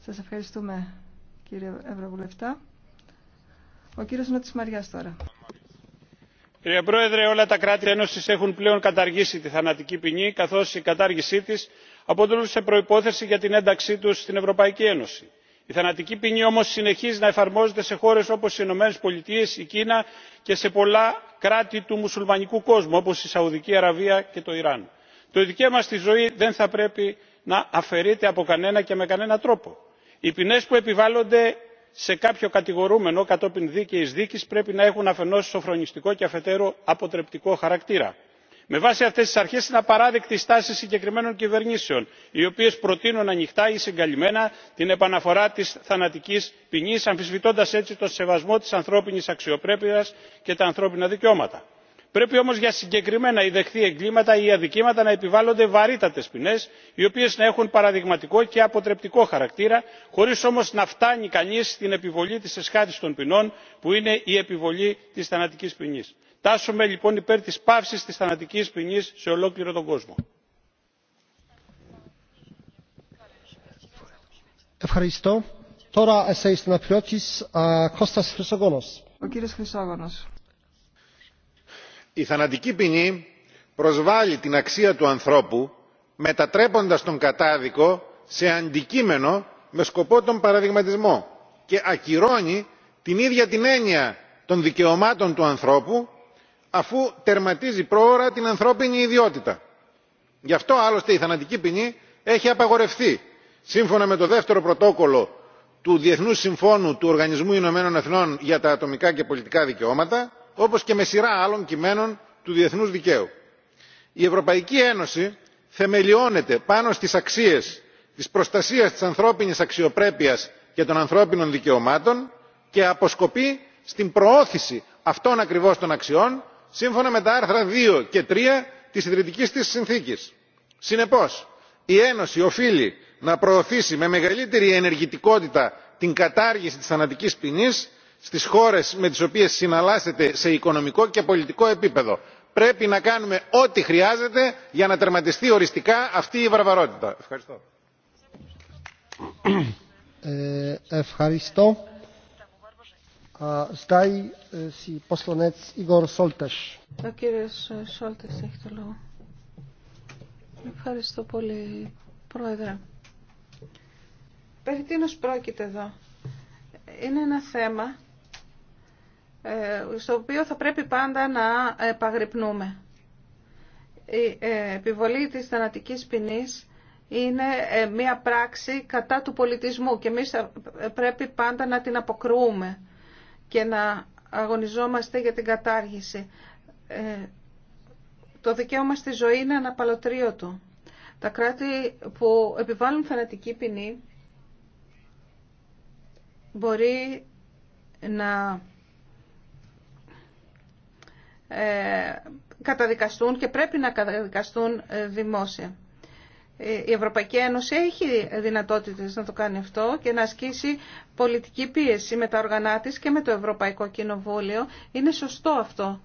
Σας ευχαριστούμε κύριε Ευρωβουλευτά. Ο κύριος Νότης Μαριάς τώρα. Κύριε Πρόεδρε, όλα τα κράτη της Ένωσης έχουν πλέον καταργήσει τη θανατική ποινή, καθώς η κατάργησή της αποτελούσε προϋπόθεση για την ένταξή τους στην Ευρωπαϊκή Ένωση η θανατική ποινή όμως συνεχίζει να εφαρμόζεται σε χώρες όπως οι Ηνωμένε Πολιτείε, η κίνα και σε πολλά κράτη του μουσουλμανικού κόσμου όπως η σαουδική αραβία και το ιράν. το δικαίωμα στη ζωή δεν θα πρέπει να αφαιρείται από κανένα και με κανένα τρόπο. οι ποινές που επιβάλλονται σε κάποιο κατηγορούμενο κατόπιν δίκαιης δίκης πρέπει να έχουν αφενός σοφρονιστικό και αφετέρου αποτρεπτικό χαρακτήρα με βάση αυτέ τι αρχέ, είναι απαράδεκτη η στάση συγκεκριμένων κυβερνήσεων οι οποίε προτείνουν ανοιχτά ή συγκαλυμμένα την επαναφορά τη θανατική ποινή, αμφισβητώντα έτσι τον σεβασμό τη ανθρώπινη αξιοπρέπεια και τα ανθρώπινα δικαιώματα. πρέπει όμω για συγκεκριμένα ή δεχθή εγκλήματα ή αδικήματα να επιβάλλονται βαρύτατες ποινές οι οποίες να έχουν παραδειγματικό και αποτρεπτικό χαρακτήρα χωρίς όμως να φτάνει κανείς στην επιβολή της εσχάτης των ποινών που είναι η δεχθεί εγκληματα η αδικηματα να επιβαλλονται βαρυτατε ποινε οι οποιε να εχουν παραδειγματικο και αποτρεπτικο χαρακτηρα χωρι ομω να φτανει κανει στην επιβολη τη εσχατη των ποινων που ειναι η επιβολη τη θανατικη ποινη τάσσομαι λοιπόν υπέρ της πάυσης της θανατικής ποινής σε ολόκληρο τον κόσμο. Η θανατική ποινή προσβάλλει την αξία του ανθρώπου μετατρέποντας τον κατάδικο σε αντικείμενο με σκοπό τον παραδειγματισμό και ακυρώνει την ίδια την έννοια των δικαιωμάτων του ανθρώπου αφού τερματίζει πρόωρα την ανθρώπινη ιδιότητα. γι' αυτό άλλωστε η θανατική ποινή έχει απαγορευτεί σύμφωνα με το δεύτερο πρωτόκολλο του διεθνούς συμφώνου του οργανισμού ηνωμένων εθνών για τα ατομικά και πολιτικά δικαιώματα όπως και με σειρά άλλων κειμένων του διεθνούς δικαίου. η ευρωπαϊκή ένωση θεμελιώνεται πάνω στις αξίες της προστασίας της ανθρώπινης αξιοπρέπειας και των ανθρώπινων δικαιωμάτων και αποσκοπεί στην προώθηση αυτών ακριβώς των αξιών σύμφωνα με τα άρθρα 2 και 3 της ιδρυτικής της συνθήκης. Συνεπώς, η Ένωση οφείλει να προωθήσει με μεγαλύτερη ενεργητικότητα την κατάργηση της θανατικής ποινής στις χώρες με τις οποίες συναλλάσσεται σε οικονομικό και πολιτικό επίπεδο. Πρέπει να κάνουμε ό,τι χρειάζεται για να τερματιστεί οριστικά αυτή η βαρβαρότητα. ευχαριστώ. Ε, ο κύριο Σόλτες έχει το λόγο. Ευχαριστώ πολύ, Πρόεδρε. Περί τίνος πρόκειται εδώ. Είναι ένα θέμα ε, στο οποίο θα πρέπει πάντα να επαγρυπνούμε. Η ε, επιβολή της θανατικής ποινής είναι ε, μια πράξη κατά του πολιτισμού και εμείς πρέπει πάντα να την αποκρούμε και να αγωνιζόμαστε για την κατάργηση. Ε, το δικαίωμα στη ζωή είναι αναπαλωτρίωτο. Τα κράτη που επιβάλλουν θανατική ποινή μπορεί να ε, καταδικαστούν και πρέπει να καταδικαστούν ε, δημόσια η Ευρωπαϊκή Ένωση έχει δυνατότητες να το κάνει αυτό και να ασκήσει πολιτική πίεση με τα οργανά της και με το Ευρωπαϊκό Κοινοβούλιο. Είναι σωστό αυτό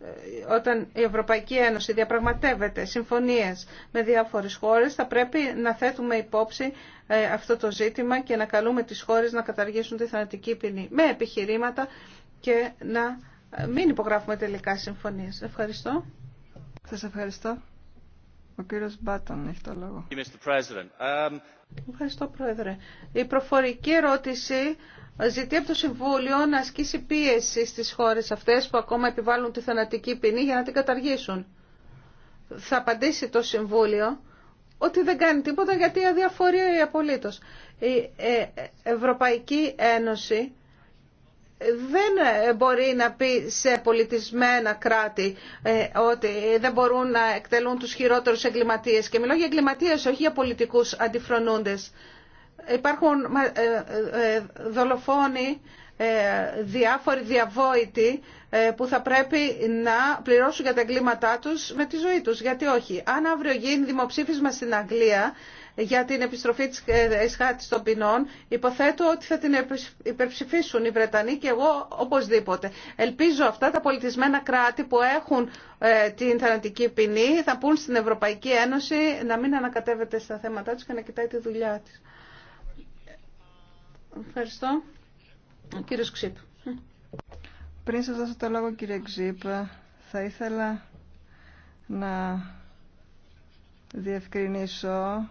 ε, όταν η Ευρωπαϊκή Ένωση διαπραγματεύεται συμφωνίες με διάφορες χώρες θα πρέπει να θέτουμε υπόψη ε, αυτό το ζήτημα και να καλούμε τις χώρες να καταργήσουν τη θανατική ποινή με επιχειρήματα και να μην υπογράφουμε τελικά συμφωνίες. Ευχαριστώ. Σας ευχαριστώ. Ο κύριος Μπάτον έχει το λόγο. Um, Ευχαριστώ, Πρόεδρε. Η προφορική ερώτηση ζητεί από το Συμβούλιο να ασκήσει πίεση στις χώρες αυτές που ακόμα επιβάλλουν τη θανατική ποινή για να την καταργήσουν. Θα απαντήσει το Συμβούλιο ότι δεν κάνει τίποτα γιατί αδιαφορεί απολύτως. Η ε, ε, Ευρωπαϊκή Ένωση δεν μπορεί να πει σε πολιτισμένα κράτη ε, ότι δεν μπορούν να εκτελούν τους χειρότερους εγκληματίες. Και μιλώ για εγκληματίες, όχι για πολιτικούς αντιφρονούντες. Υπάρχουν ε, ε, δολοφόνοι διάφοροι διαβόητοι που θα πρέπει να πληρώσουν για τα εγκλήματά τους με τη ζωή τους. Γιατί όχι. Αν αύριο γίνει δημοψήφισμα στην Αγγλία για την επιστροφή της εισχάτης των ποινών. Υποθέτω ότι θα την υπερψηφίσουν οι Βρετανοί και εγώ οπωσδήποτε. Ελπίζω αυτά τα πολιτισμένα κράτη που έχουν ε, την θανατική ποινή θα πούν στην Ευρωπαϊκή Ένωση να μην ανακατεύεται στα θέματα τους και να κοιτάει τη δουλειά της. Ευχαριστώ. Κύριος Ξύπ. Πριν σας δώσω το λόγο κύριε Ξύπ, θα ήθελα να διευκρινίσω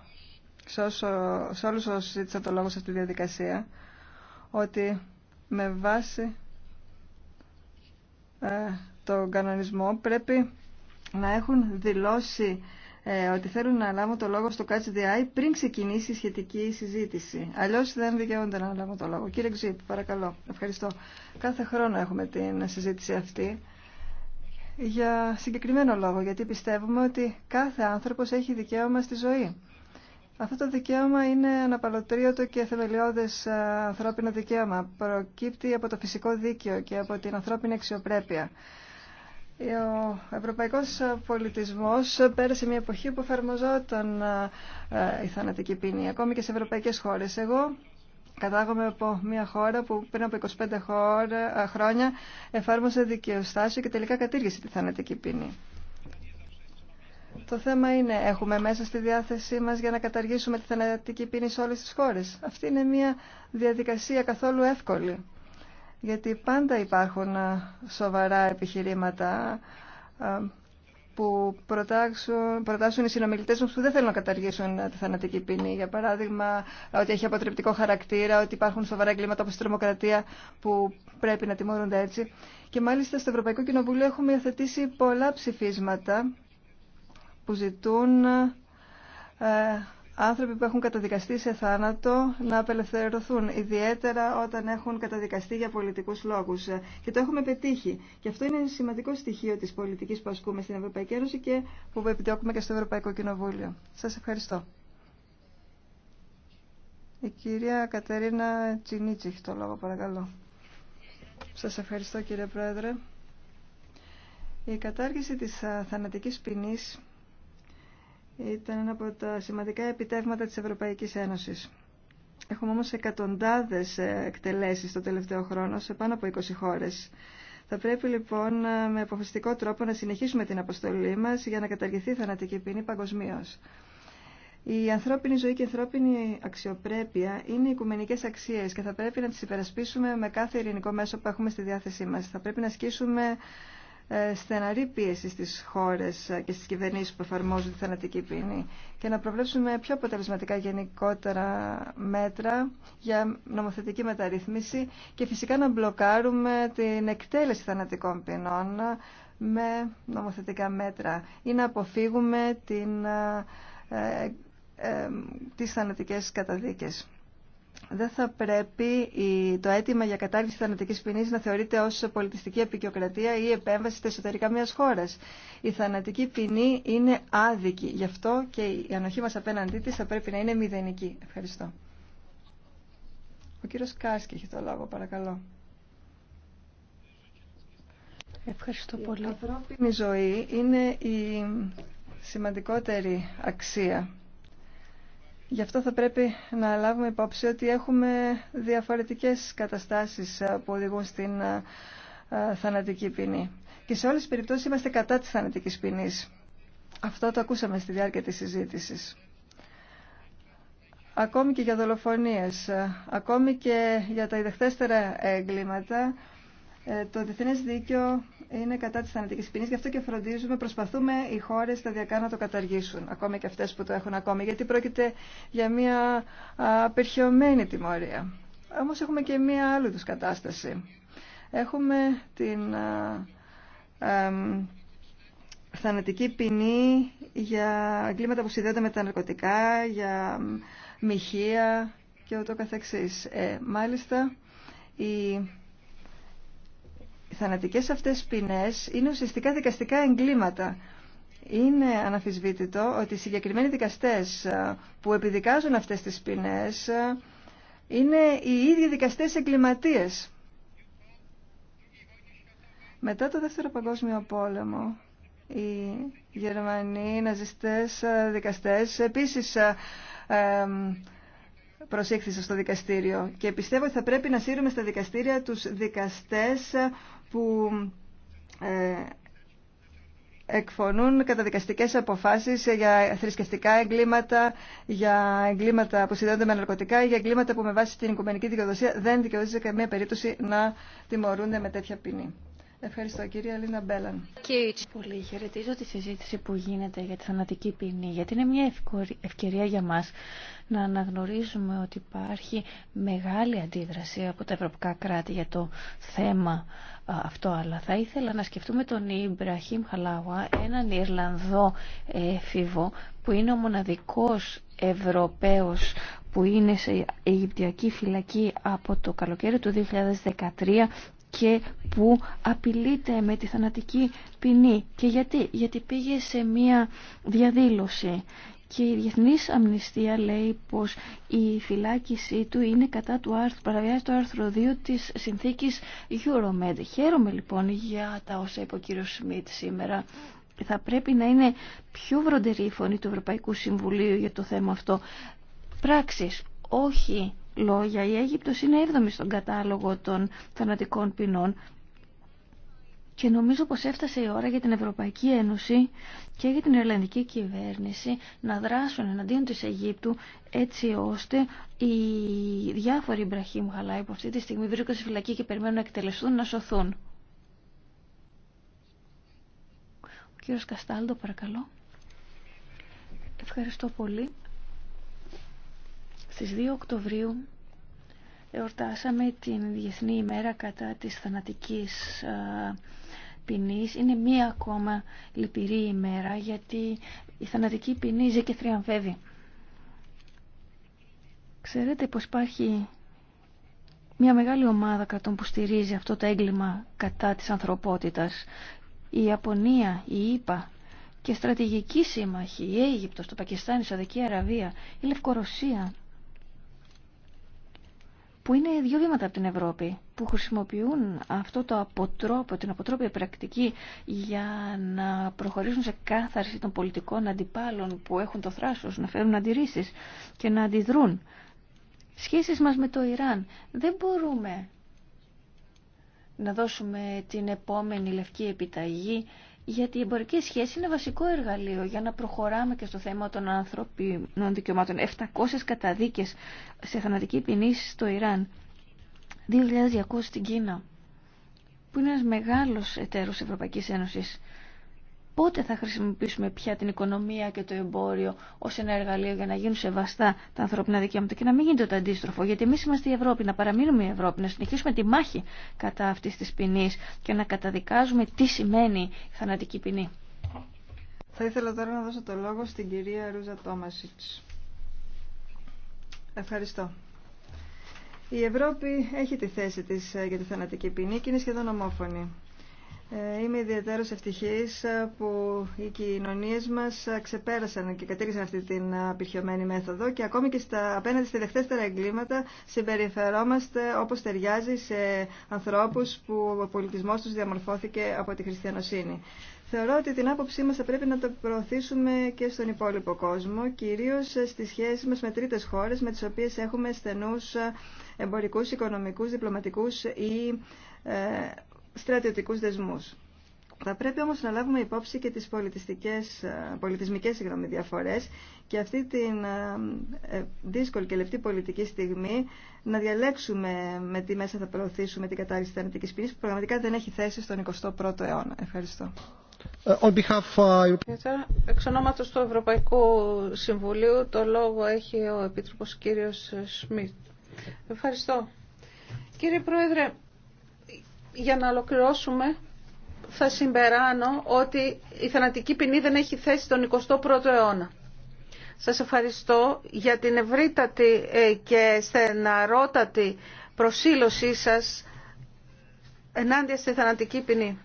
σε, όσο, σε όλους όσους ζήτησαν το λόγο σε αυτή τη διαδικασία ότι με βάση ε, τον κανονισμό πρέπει να έχουν δηλώσει ε, ότι θέλουν να λάβουν το λόγο στο ΚΑΤΣΔΙ πριν ξεκινήσει η σχετική συζήτηση. Αλλιώ δεν δικαιούνται να λάβουν το λόγο. Κύριε Ξύπ, παρακαλώ. Ευχαριστώ. Κάθε χρόνο έχουμε την συζήτηση αυτή για συγκεκριμένο λόγο, γιατί πιστεύουμε ότι κάθε άνθρωπος έχει δικαίωμα στη ζωή. Αυτό το δικαίωμα είναι αναπαλωτρίωτο και θεμελιώδες ε, ανθρώπινο δικαίωμα. Προκύπτει από το φυσικό δίκαιο και από την ανθρώπινη αξιοπρέπεια. Ο ευρωπαϊκός πολιτισμός πέρασε μια εποχή που εφαρμοζόταν ε, ε, η θανατική ποινή, ακόμη και σε ευρωπαϊκές χώρες. Εγώ κατάγομαι από μια χώρα που πριν από 25 χρόνια εφάρμοσε δικαιοστάσιο και τελικά κατήργησε τη θανατική ποινή. Το θέμα είναι, έχουμε μέσα στη διάθεσή μας για να καταργήσουμε τη θανατική πίνη σε όλες τις χώρες. Αυτή είναι μια διαδικασία καθόλου εύκολη. Γιατί πάντα υπάρχουν σοβαρά επιχειρήματα που προτάξουν, προτάσουν οι συνομιλητές μας που δεν θέλουν να καταργήσουν τη θανατική πίνη. Για παράδειγμα, ότι έχει αποτρεπτικό χαρακτήρα, ότι υπάρχουν σοβαρά εγκλήματα όπως η τρομοκρατία που πρέπει να τιμωρούνται έτσι. Και μάλιστα στο Ευρωπαϊκό Κοινοβούλιο έχουμε υιοθετήσει πολλά ψηφίσματα που ζητούν ε, άνθρωποι που έχουν καταδικαστεί σε θάνατο να απελευθερωθούν, ιδιαίτερα όταν έχουν καταδικαστεί για πολιτικούς λόγους. Ε, και το έχουμε πετύχει. Και αυτό είναι σημαντικό στοιχείο της πολιτικής που ασκούμε στην Ευρωπαϊκή Ένωση και που επιδιώκουμε και στο Ευρωπαϊκό Κοινοβούλιο. Σας ευχαριστώ. Η κυρία Κατερίνα Τσινίτσι έχει το λόγο, παρακαλώ. Σας ευχαριστώ κύριε Πρόεδρε. Η κατάργηση της ε, θανατικής ποινής ήταν ένα από τα σημαντικά επιτεύγματα της Ευρωπαϊκής Ένωσης. Έχουμε όμως εκατοντάδες ε, εκτελέσεις το τελευταίο χρόνο σε πάνω από 20 χώρες. Θα πρέπει λοιπόν ε, με αποφασιστικό τρόπο να συνεχίσουμε την αποστολή μας για να καταργηθεί η θανατική ποινή παγκοσμίω. Η ανθρώπινη ζωή και η ανθρώπινη αξιοπρέπεια είναι οικουμενικές αξίες και θα πρέπει να τις υπερασπίσουμε με κάθε ειρηνικό μέσο που έχουμε στη διάθεσή μας. Θα πρέπει να ασκήσουμε ε, στεναρή πίεση στις χώρες και στις κυβερνήσεις που εφαρμόζουν τη θανατική πίνη και να προβλέψουμε πιο αποτελεσματικά γενικότερα μέτρα για νομοθετική μεταρρύθμιση και φυσικά να μπλοκάρουμε την εκτέλεση θανατικών ποινών με νομοθετικά μέτρα ή να αποφύγουμε την, ε, ε, τις θανατικές καταδίκες δεν θα πρέπει το αίτημα για κατάργηση θανατική ποινής να θεωρείται ως πολιτιστική επικιοκρατία ή επέμβαση στα εσωτερικά μιας χώρας. Η θανατική μια χωρας είναι άδικη. Γι' αυτό και η ανοχή μας απέναντί της θα πρέπει να είναι μηδενική. Ευχαριστώ. Ο κύριο Κάσκη έχει το λόγο, παρακαλώ. Ευχαριστώ πολύ. Η ανθρώπινη ζωή είναι η σημαντικότερη αξία Γι' αυτό θα πρέπει να λάβουμε υπόψη ότι έχουμε διαφορετικές καταστάσεις ε, που οδηγούν στην ε, ε, θανατική ποινή. Και σε όλες τις περιπτώσεις είμαστε κατά της θανατικής ποινής. Αυτό το ακούσαμε στη διάρκεια της συζήτησης. Ακόμη και για δολοφονίες, ακόμη και για τα ιδεχτέστερα έγκληματα, ε, το διεθνέ δίκαιο είναι κατά τη θανατικής ποινή. γι' αυτό και φροντίζουμε, προσπαθούμε οι χώρες σταδιακά να το καταργήσουν, ακόμα και αυτές που το έχουν ακόμη, γιατί πρόκειται για μια απερχαιωμένη τιμωρία. Όμω έχουμε και μια άλλη του κατάσταση. Έχουμε την α, θανατική ποινή για εγκλήματα που συνδέονται με τα ναρκωτικά, για μοιχεία και ούτω καθεξής. Ε, μάλιστα, η οι θανατικές αυτές ποινές είναι ουσιαστικά δικαστικά εγκλήματα. Είναι αναφυσβήτητο ότι οι συγκεκριμένοι δικαστές ε, που επιδικάζουν αυτές τις ποινές ε, είναι οι ίδιοι δικαστές εγκληματίες. Μετά το Δεύτερο Παγκόσμιο Πόλεμο, οι Γερμανοί ναζιστές ε, δικαστές επίσης προσήχθησα στο δικαστήριο και πιστεύω ότι θα πρέπει να σύρουμε στα δικαστήρια τους δικαστές που ε, εκφωνούν καταδικαστικές αποφάσεις για θρησκευτικά εγκλήματα, για εγκλήματα που συνδέονται με ναρκωτικά ή για εγκλήματα που με βάση την οικουμενική δικαιοδοσία δεν δικαιοδοσία σε καμία περίπτωση να τιμωρούνται με τέτοια ποινή. Ευχαριστώ κυρία Λίνα Μπέλαν. Πολύ χαιρετίζω τη συζήτηση που γίνεται για τη θανατική ποινή, γιατί είναι μια ευκαιρία για μας να αναγνωρίζουμε ότι υπάρχει μεγάλη αντίδραση από τα ευρωπαϊκά κράτη για το θέμα αυτό. Αλλά θα ήθελα να σκεφτούμε τον Ιμπραχήμ Χαλάουα, έναν Ιρλανδό έφηβο που είναι ο μοναδικός Ευρωπαίος που είναι σε Αιγυπτιακή φυλακή από το καλοκαίρι του 2013 και που απειλείται με τη θανατική ποινή. Και γιατί, γιατί πήγε σε μία διαδήλωση και η Διεθνής Αμνηστία λέει πως η φυλάκισή του είναι κατά του άρθρου, παραβιάζει το άρθρο 2 της συνθήκης Euromed. Χαίρομαι λοιπόν για τα όσα είπε ο κύριος Σμιτ σήμερα. Θα πρέπει να είναι πιο βροντερή η φωνή του Ευρωπαϊκού Συμβουλίου για το θέμα αυτό. Πράξεις, όχι λόγια, η Αίγυπτος είναι έβδομη στον κατάλογο των θανατικών ποινών και νομίζω πως έφτασε η ώρα για την Ευρωπαϊκή Ένωση και για την Ιρλανδική κυβέρνηση να δράσουν εναντίον της Αιγύπτου έτσι ώστε οι διάφοροι Ιμπραχήμ Χαλάι που αυτή τη στιγμή βρίσκονται στη φυλακή και περιμένουν να εκτελεστούν να σωθούν. Ο κύριος Καστάλντο, παρακαλώ. Ευχαριστώ πολύ. Στις 2 Οκτωβρίου εορτάσαμε την Διεθνή ημέρα κατά της θανατικής λυπηρή ημέρα γιατί η θανατική Είναι μία ακόμα λυπηρή ημέρα γιατί η θανατική ποινή ζει και θριαμβεύει. Ξέρετε πως υπάρχει μια μεγάλη ομάδα κρατών που στηρίζει αυτό το έγκλημα κατά της ανθρωπότητας. Η Ιαπωνία, η ΙΠΑ και στρατηγική σύμμαχοι, η Αίγυπτος, το Πακιστάν, η Σαδική Αραβία, η Λευκορωσία, που είναι δύο βήματα από την Ευρώπη, που χρησιμοποιούν αυτό το την αποτρόπια πρακτική για να προχωρήσουν σε κάθαρση των πολιτικών αντιπάλων που έχουν το θράσος, να φέρουν αντιρρήσεις και να αντιδρούν. Σχέσεις μας με το Ιράν. Δεν μπορούμε να δώσουμε την επόμενη λευκή επιταγή γιατί η εμπορική σχέση είναι βασικό εργαλείο για να προχωράμε και στο θέμα των ανθρωπίνων δικαιωμάτων. 700 καταδίκες σε θανατική ποινή στο Ιράν, 2.200 στην Κίνα, που είναι ένας μεγάλος εταίρος Ευρωπαϊκής Ένωσης. Πότε θα χρησιμοποιήσουμε πια την οικονομία και το εμπόριο ω ένα εργαλείο για να γίνουν σεβαστά τα ανθρώπινα δικαιώματα και να μην γίνεται το αντίστροφο. Γιατί εμεί είμαστε η Ευρώπη, να παραμείνουμε η Ευρώπη, να συνεχίσουμε τη μάχη κατά αυτή τη ποινή και να καταδικάζουμε τι σημαίνει η θανατική ποινή. Θα ήθελα τώρα να δώσω το λόγο στην κυρία Ρούζα Τόμασιτ. Ευχαριστώ. Η Ευρώπη έχει τη θέση της ε, για τη θανατική ποινή και είναι σχεδόν ομόφωνη. Ε, είμαι ιδιαίτερο ευτυχή ε, που οι κοινωνίε μα ε, ξεπέρασαν και κατήργησαν αυτή την απειρχιωμένη μέθοδο και ακόμη και στα, απέναντι στα δεχτέστερα εγκλήματα συμπεριφερόμαστε όπω ταιριάζει σε ανθρώπου που ο πολιτισμό του διαμορφώθηκε από τη χριστιανοσύνη. Θεωρώ ότι την άποψή μα θα πρέπει να το προωθήσουμε και στον υπόλοιπο κόσμο, κυρίω στι σχέσει μα με τρίτε χώρε με τι οποίε έχουμε στενού εμπορικού, οικονομικού, διπλωματικού ή στρατιωτικούς δεσμούς. Θα πρέπει όμως να λάβουμε υπόψη και τις πολιτιστικές, ε, πολιτισμικές συγγνώμη, διαφορές και αυτή την ε, ε, δύσκολη και λεπτή πολιτική στιγμή να διαλέξουμε με τι μέσα θα προωθήσουμε την κατάρριση της θανατικής ποινής που πραγματικά δεν έχει θέση στον 21ο αιώνα. Ευχαριστώ. On behalf of... Uh, εξ ονόματος του Ευρωπαϊκού Συμβουλίου το λόγο έχει ο Επίτροπος κύριος Σμιτ. Ευχαριστώ. Κύριε Πρόεδρε, για να ολοκληρώσουμε θα συμπεράνω ότι η θανατική ποινή δεν έχει θέση τον 21ο αιώνα. Σας ευχαριστώ για την ευρύτατη ε, και στεναρότατη προσήλωσή σας ενάντια στη θανατική ποινή.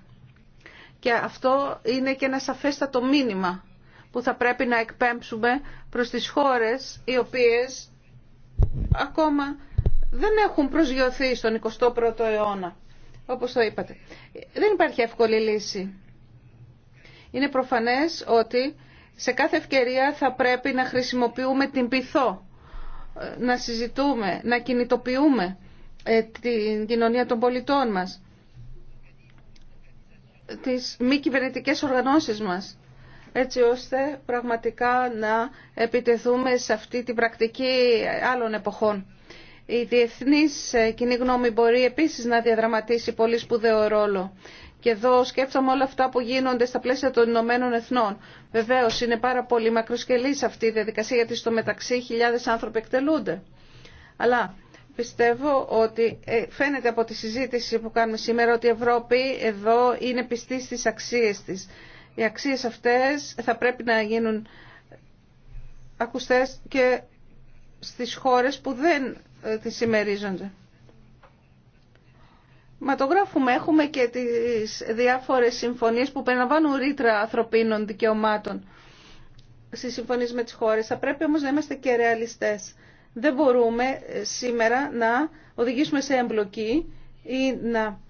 Και αυτό είναι και ένα σαφέστατο μήνυμα που θα πρέπει να εκπέμψουμε προς τις χώρες οι οποίες ακόμα δεν έχουν προσγειωθεί στον 21ο αιώνα όπως το είπατε. Δεν υπάρχει εύκολη λύση. Είναι προφανές ότι σε κάθε ευκαιρία θα πρέπει να χρησιμοποιούμε την πυθό, να συζητούμε, να κινητοποιούμε ε, την κοινωνία των πολιτών μας, τις μη κυβερνητικέ οργανώσεις μας, έτσι ώστε πραγματικά να επιτεθούμε σε αυτή την πρακτική άλλων εποχών. Η διεθνής ε, κοινή γνώμη μπορεί επίσης να διαδραματίσει πολύ σπουδαίο ρόλο. Και εδώ σκέφτομαι όλα αυτά που γίνονται στα πλαίσια των Ηνωμένων Εθνών. Βεβαίω είναι πάρα πολύ μακροσκελή αυτή η διαδικασία γιατί στο μεταξύ χιλιάδε άνθρωποι εκτελούνται. Αλλά πιστεύω ότι ε, φαίνεται από τη συζήτηση που κάνουμε σήμερα ότι η Ευρώπη εδώ είναι πιστή στι αξίε τη. Οι αξίε αυτέ θα πρέπει να γίνουν ακουστέ και στις χώρες που δεν ε, τις ημερίζονται. Μα το γράφουμε, έχουμε και τις διάφορες συμφωνίες που περιλαμβάνουν ρήτρα ανθρωπίνων δικαιωμάτων στι συμφωνίες με τις χώρες. Θα πρέπει όμως να είμαστε και ρεαλιστές. Δεν μπορούμε ε, σήμερα να οδηγήσουμε σε εμπλοκή ή να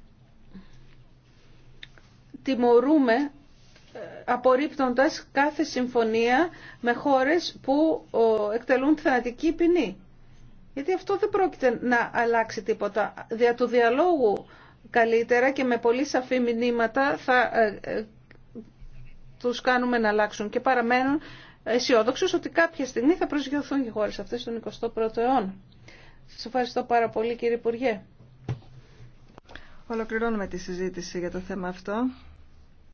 τιμωρούμε ε, απορρίπτοντας κάθε συμφωνία με χώρες που εκτελούν θανατική ποινή. Γιατί αυτό δεν πρόκειται να αλλάξει τίποτα. Δια του διαλόγου καλύτερα και με πολύ σαφή μηνύματα θα ε, ε, τους κάνουμε να αλλάξουν και παραμένουν αισιόδοξου ότι κάποια στιγμή θα προσγειωθούν οι χώρες αυτές στον 21ο αιώνα. Σας ευχαριστώ πάρα πολύ κύριε Υπουργέ. Ολοκληρώνουμε τη συζήτηση για το θέμα αυτό.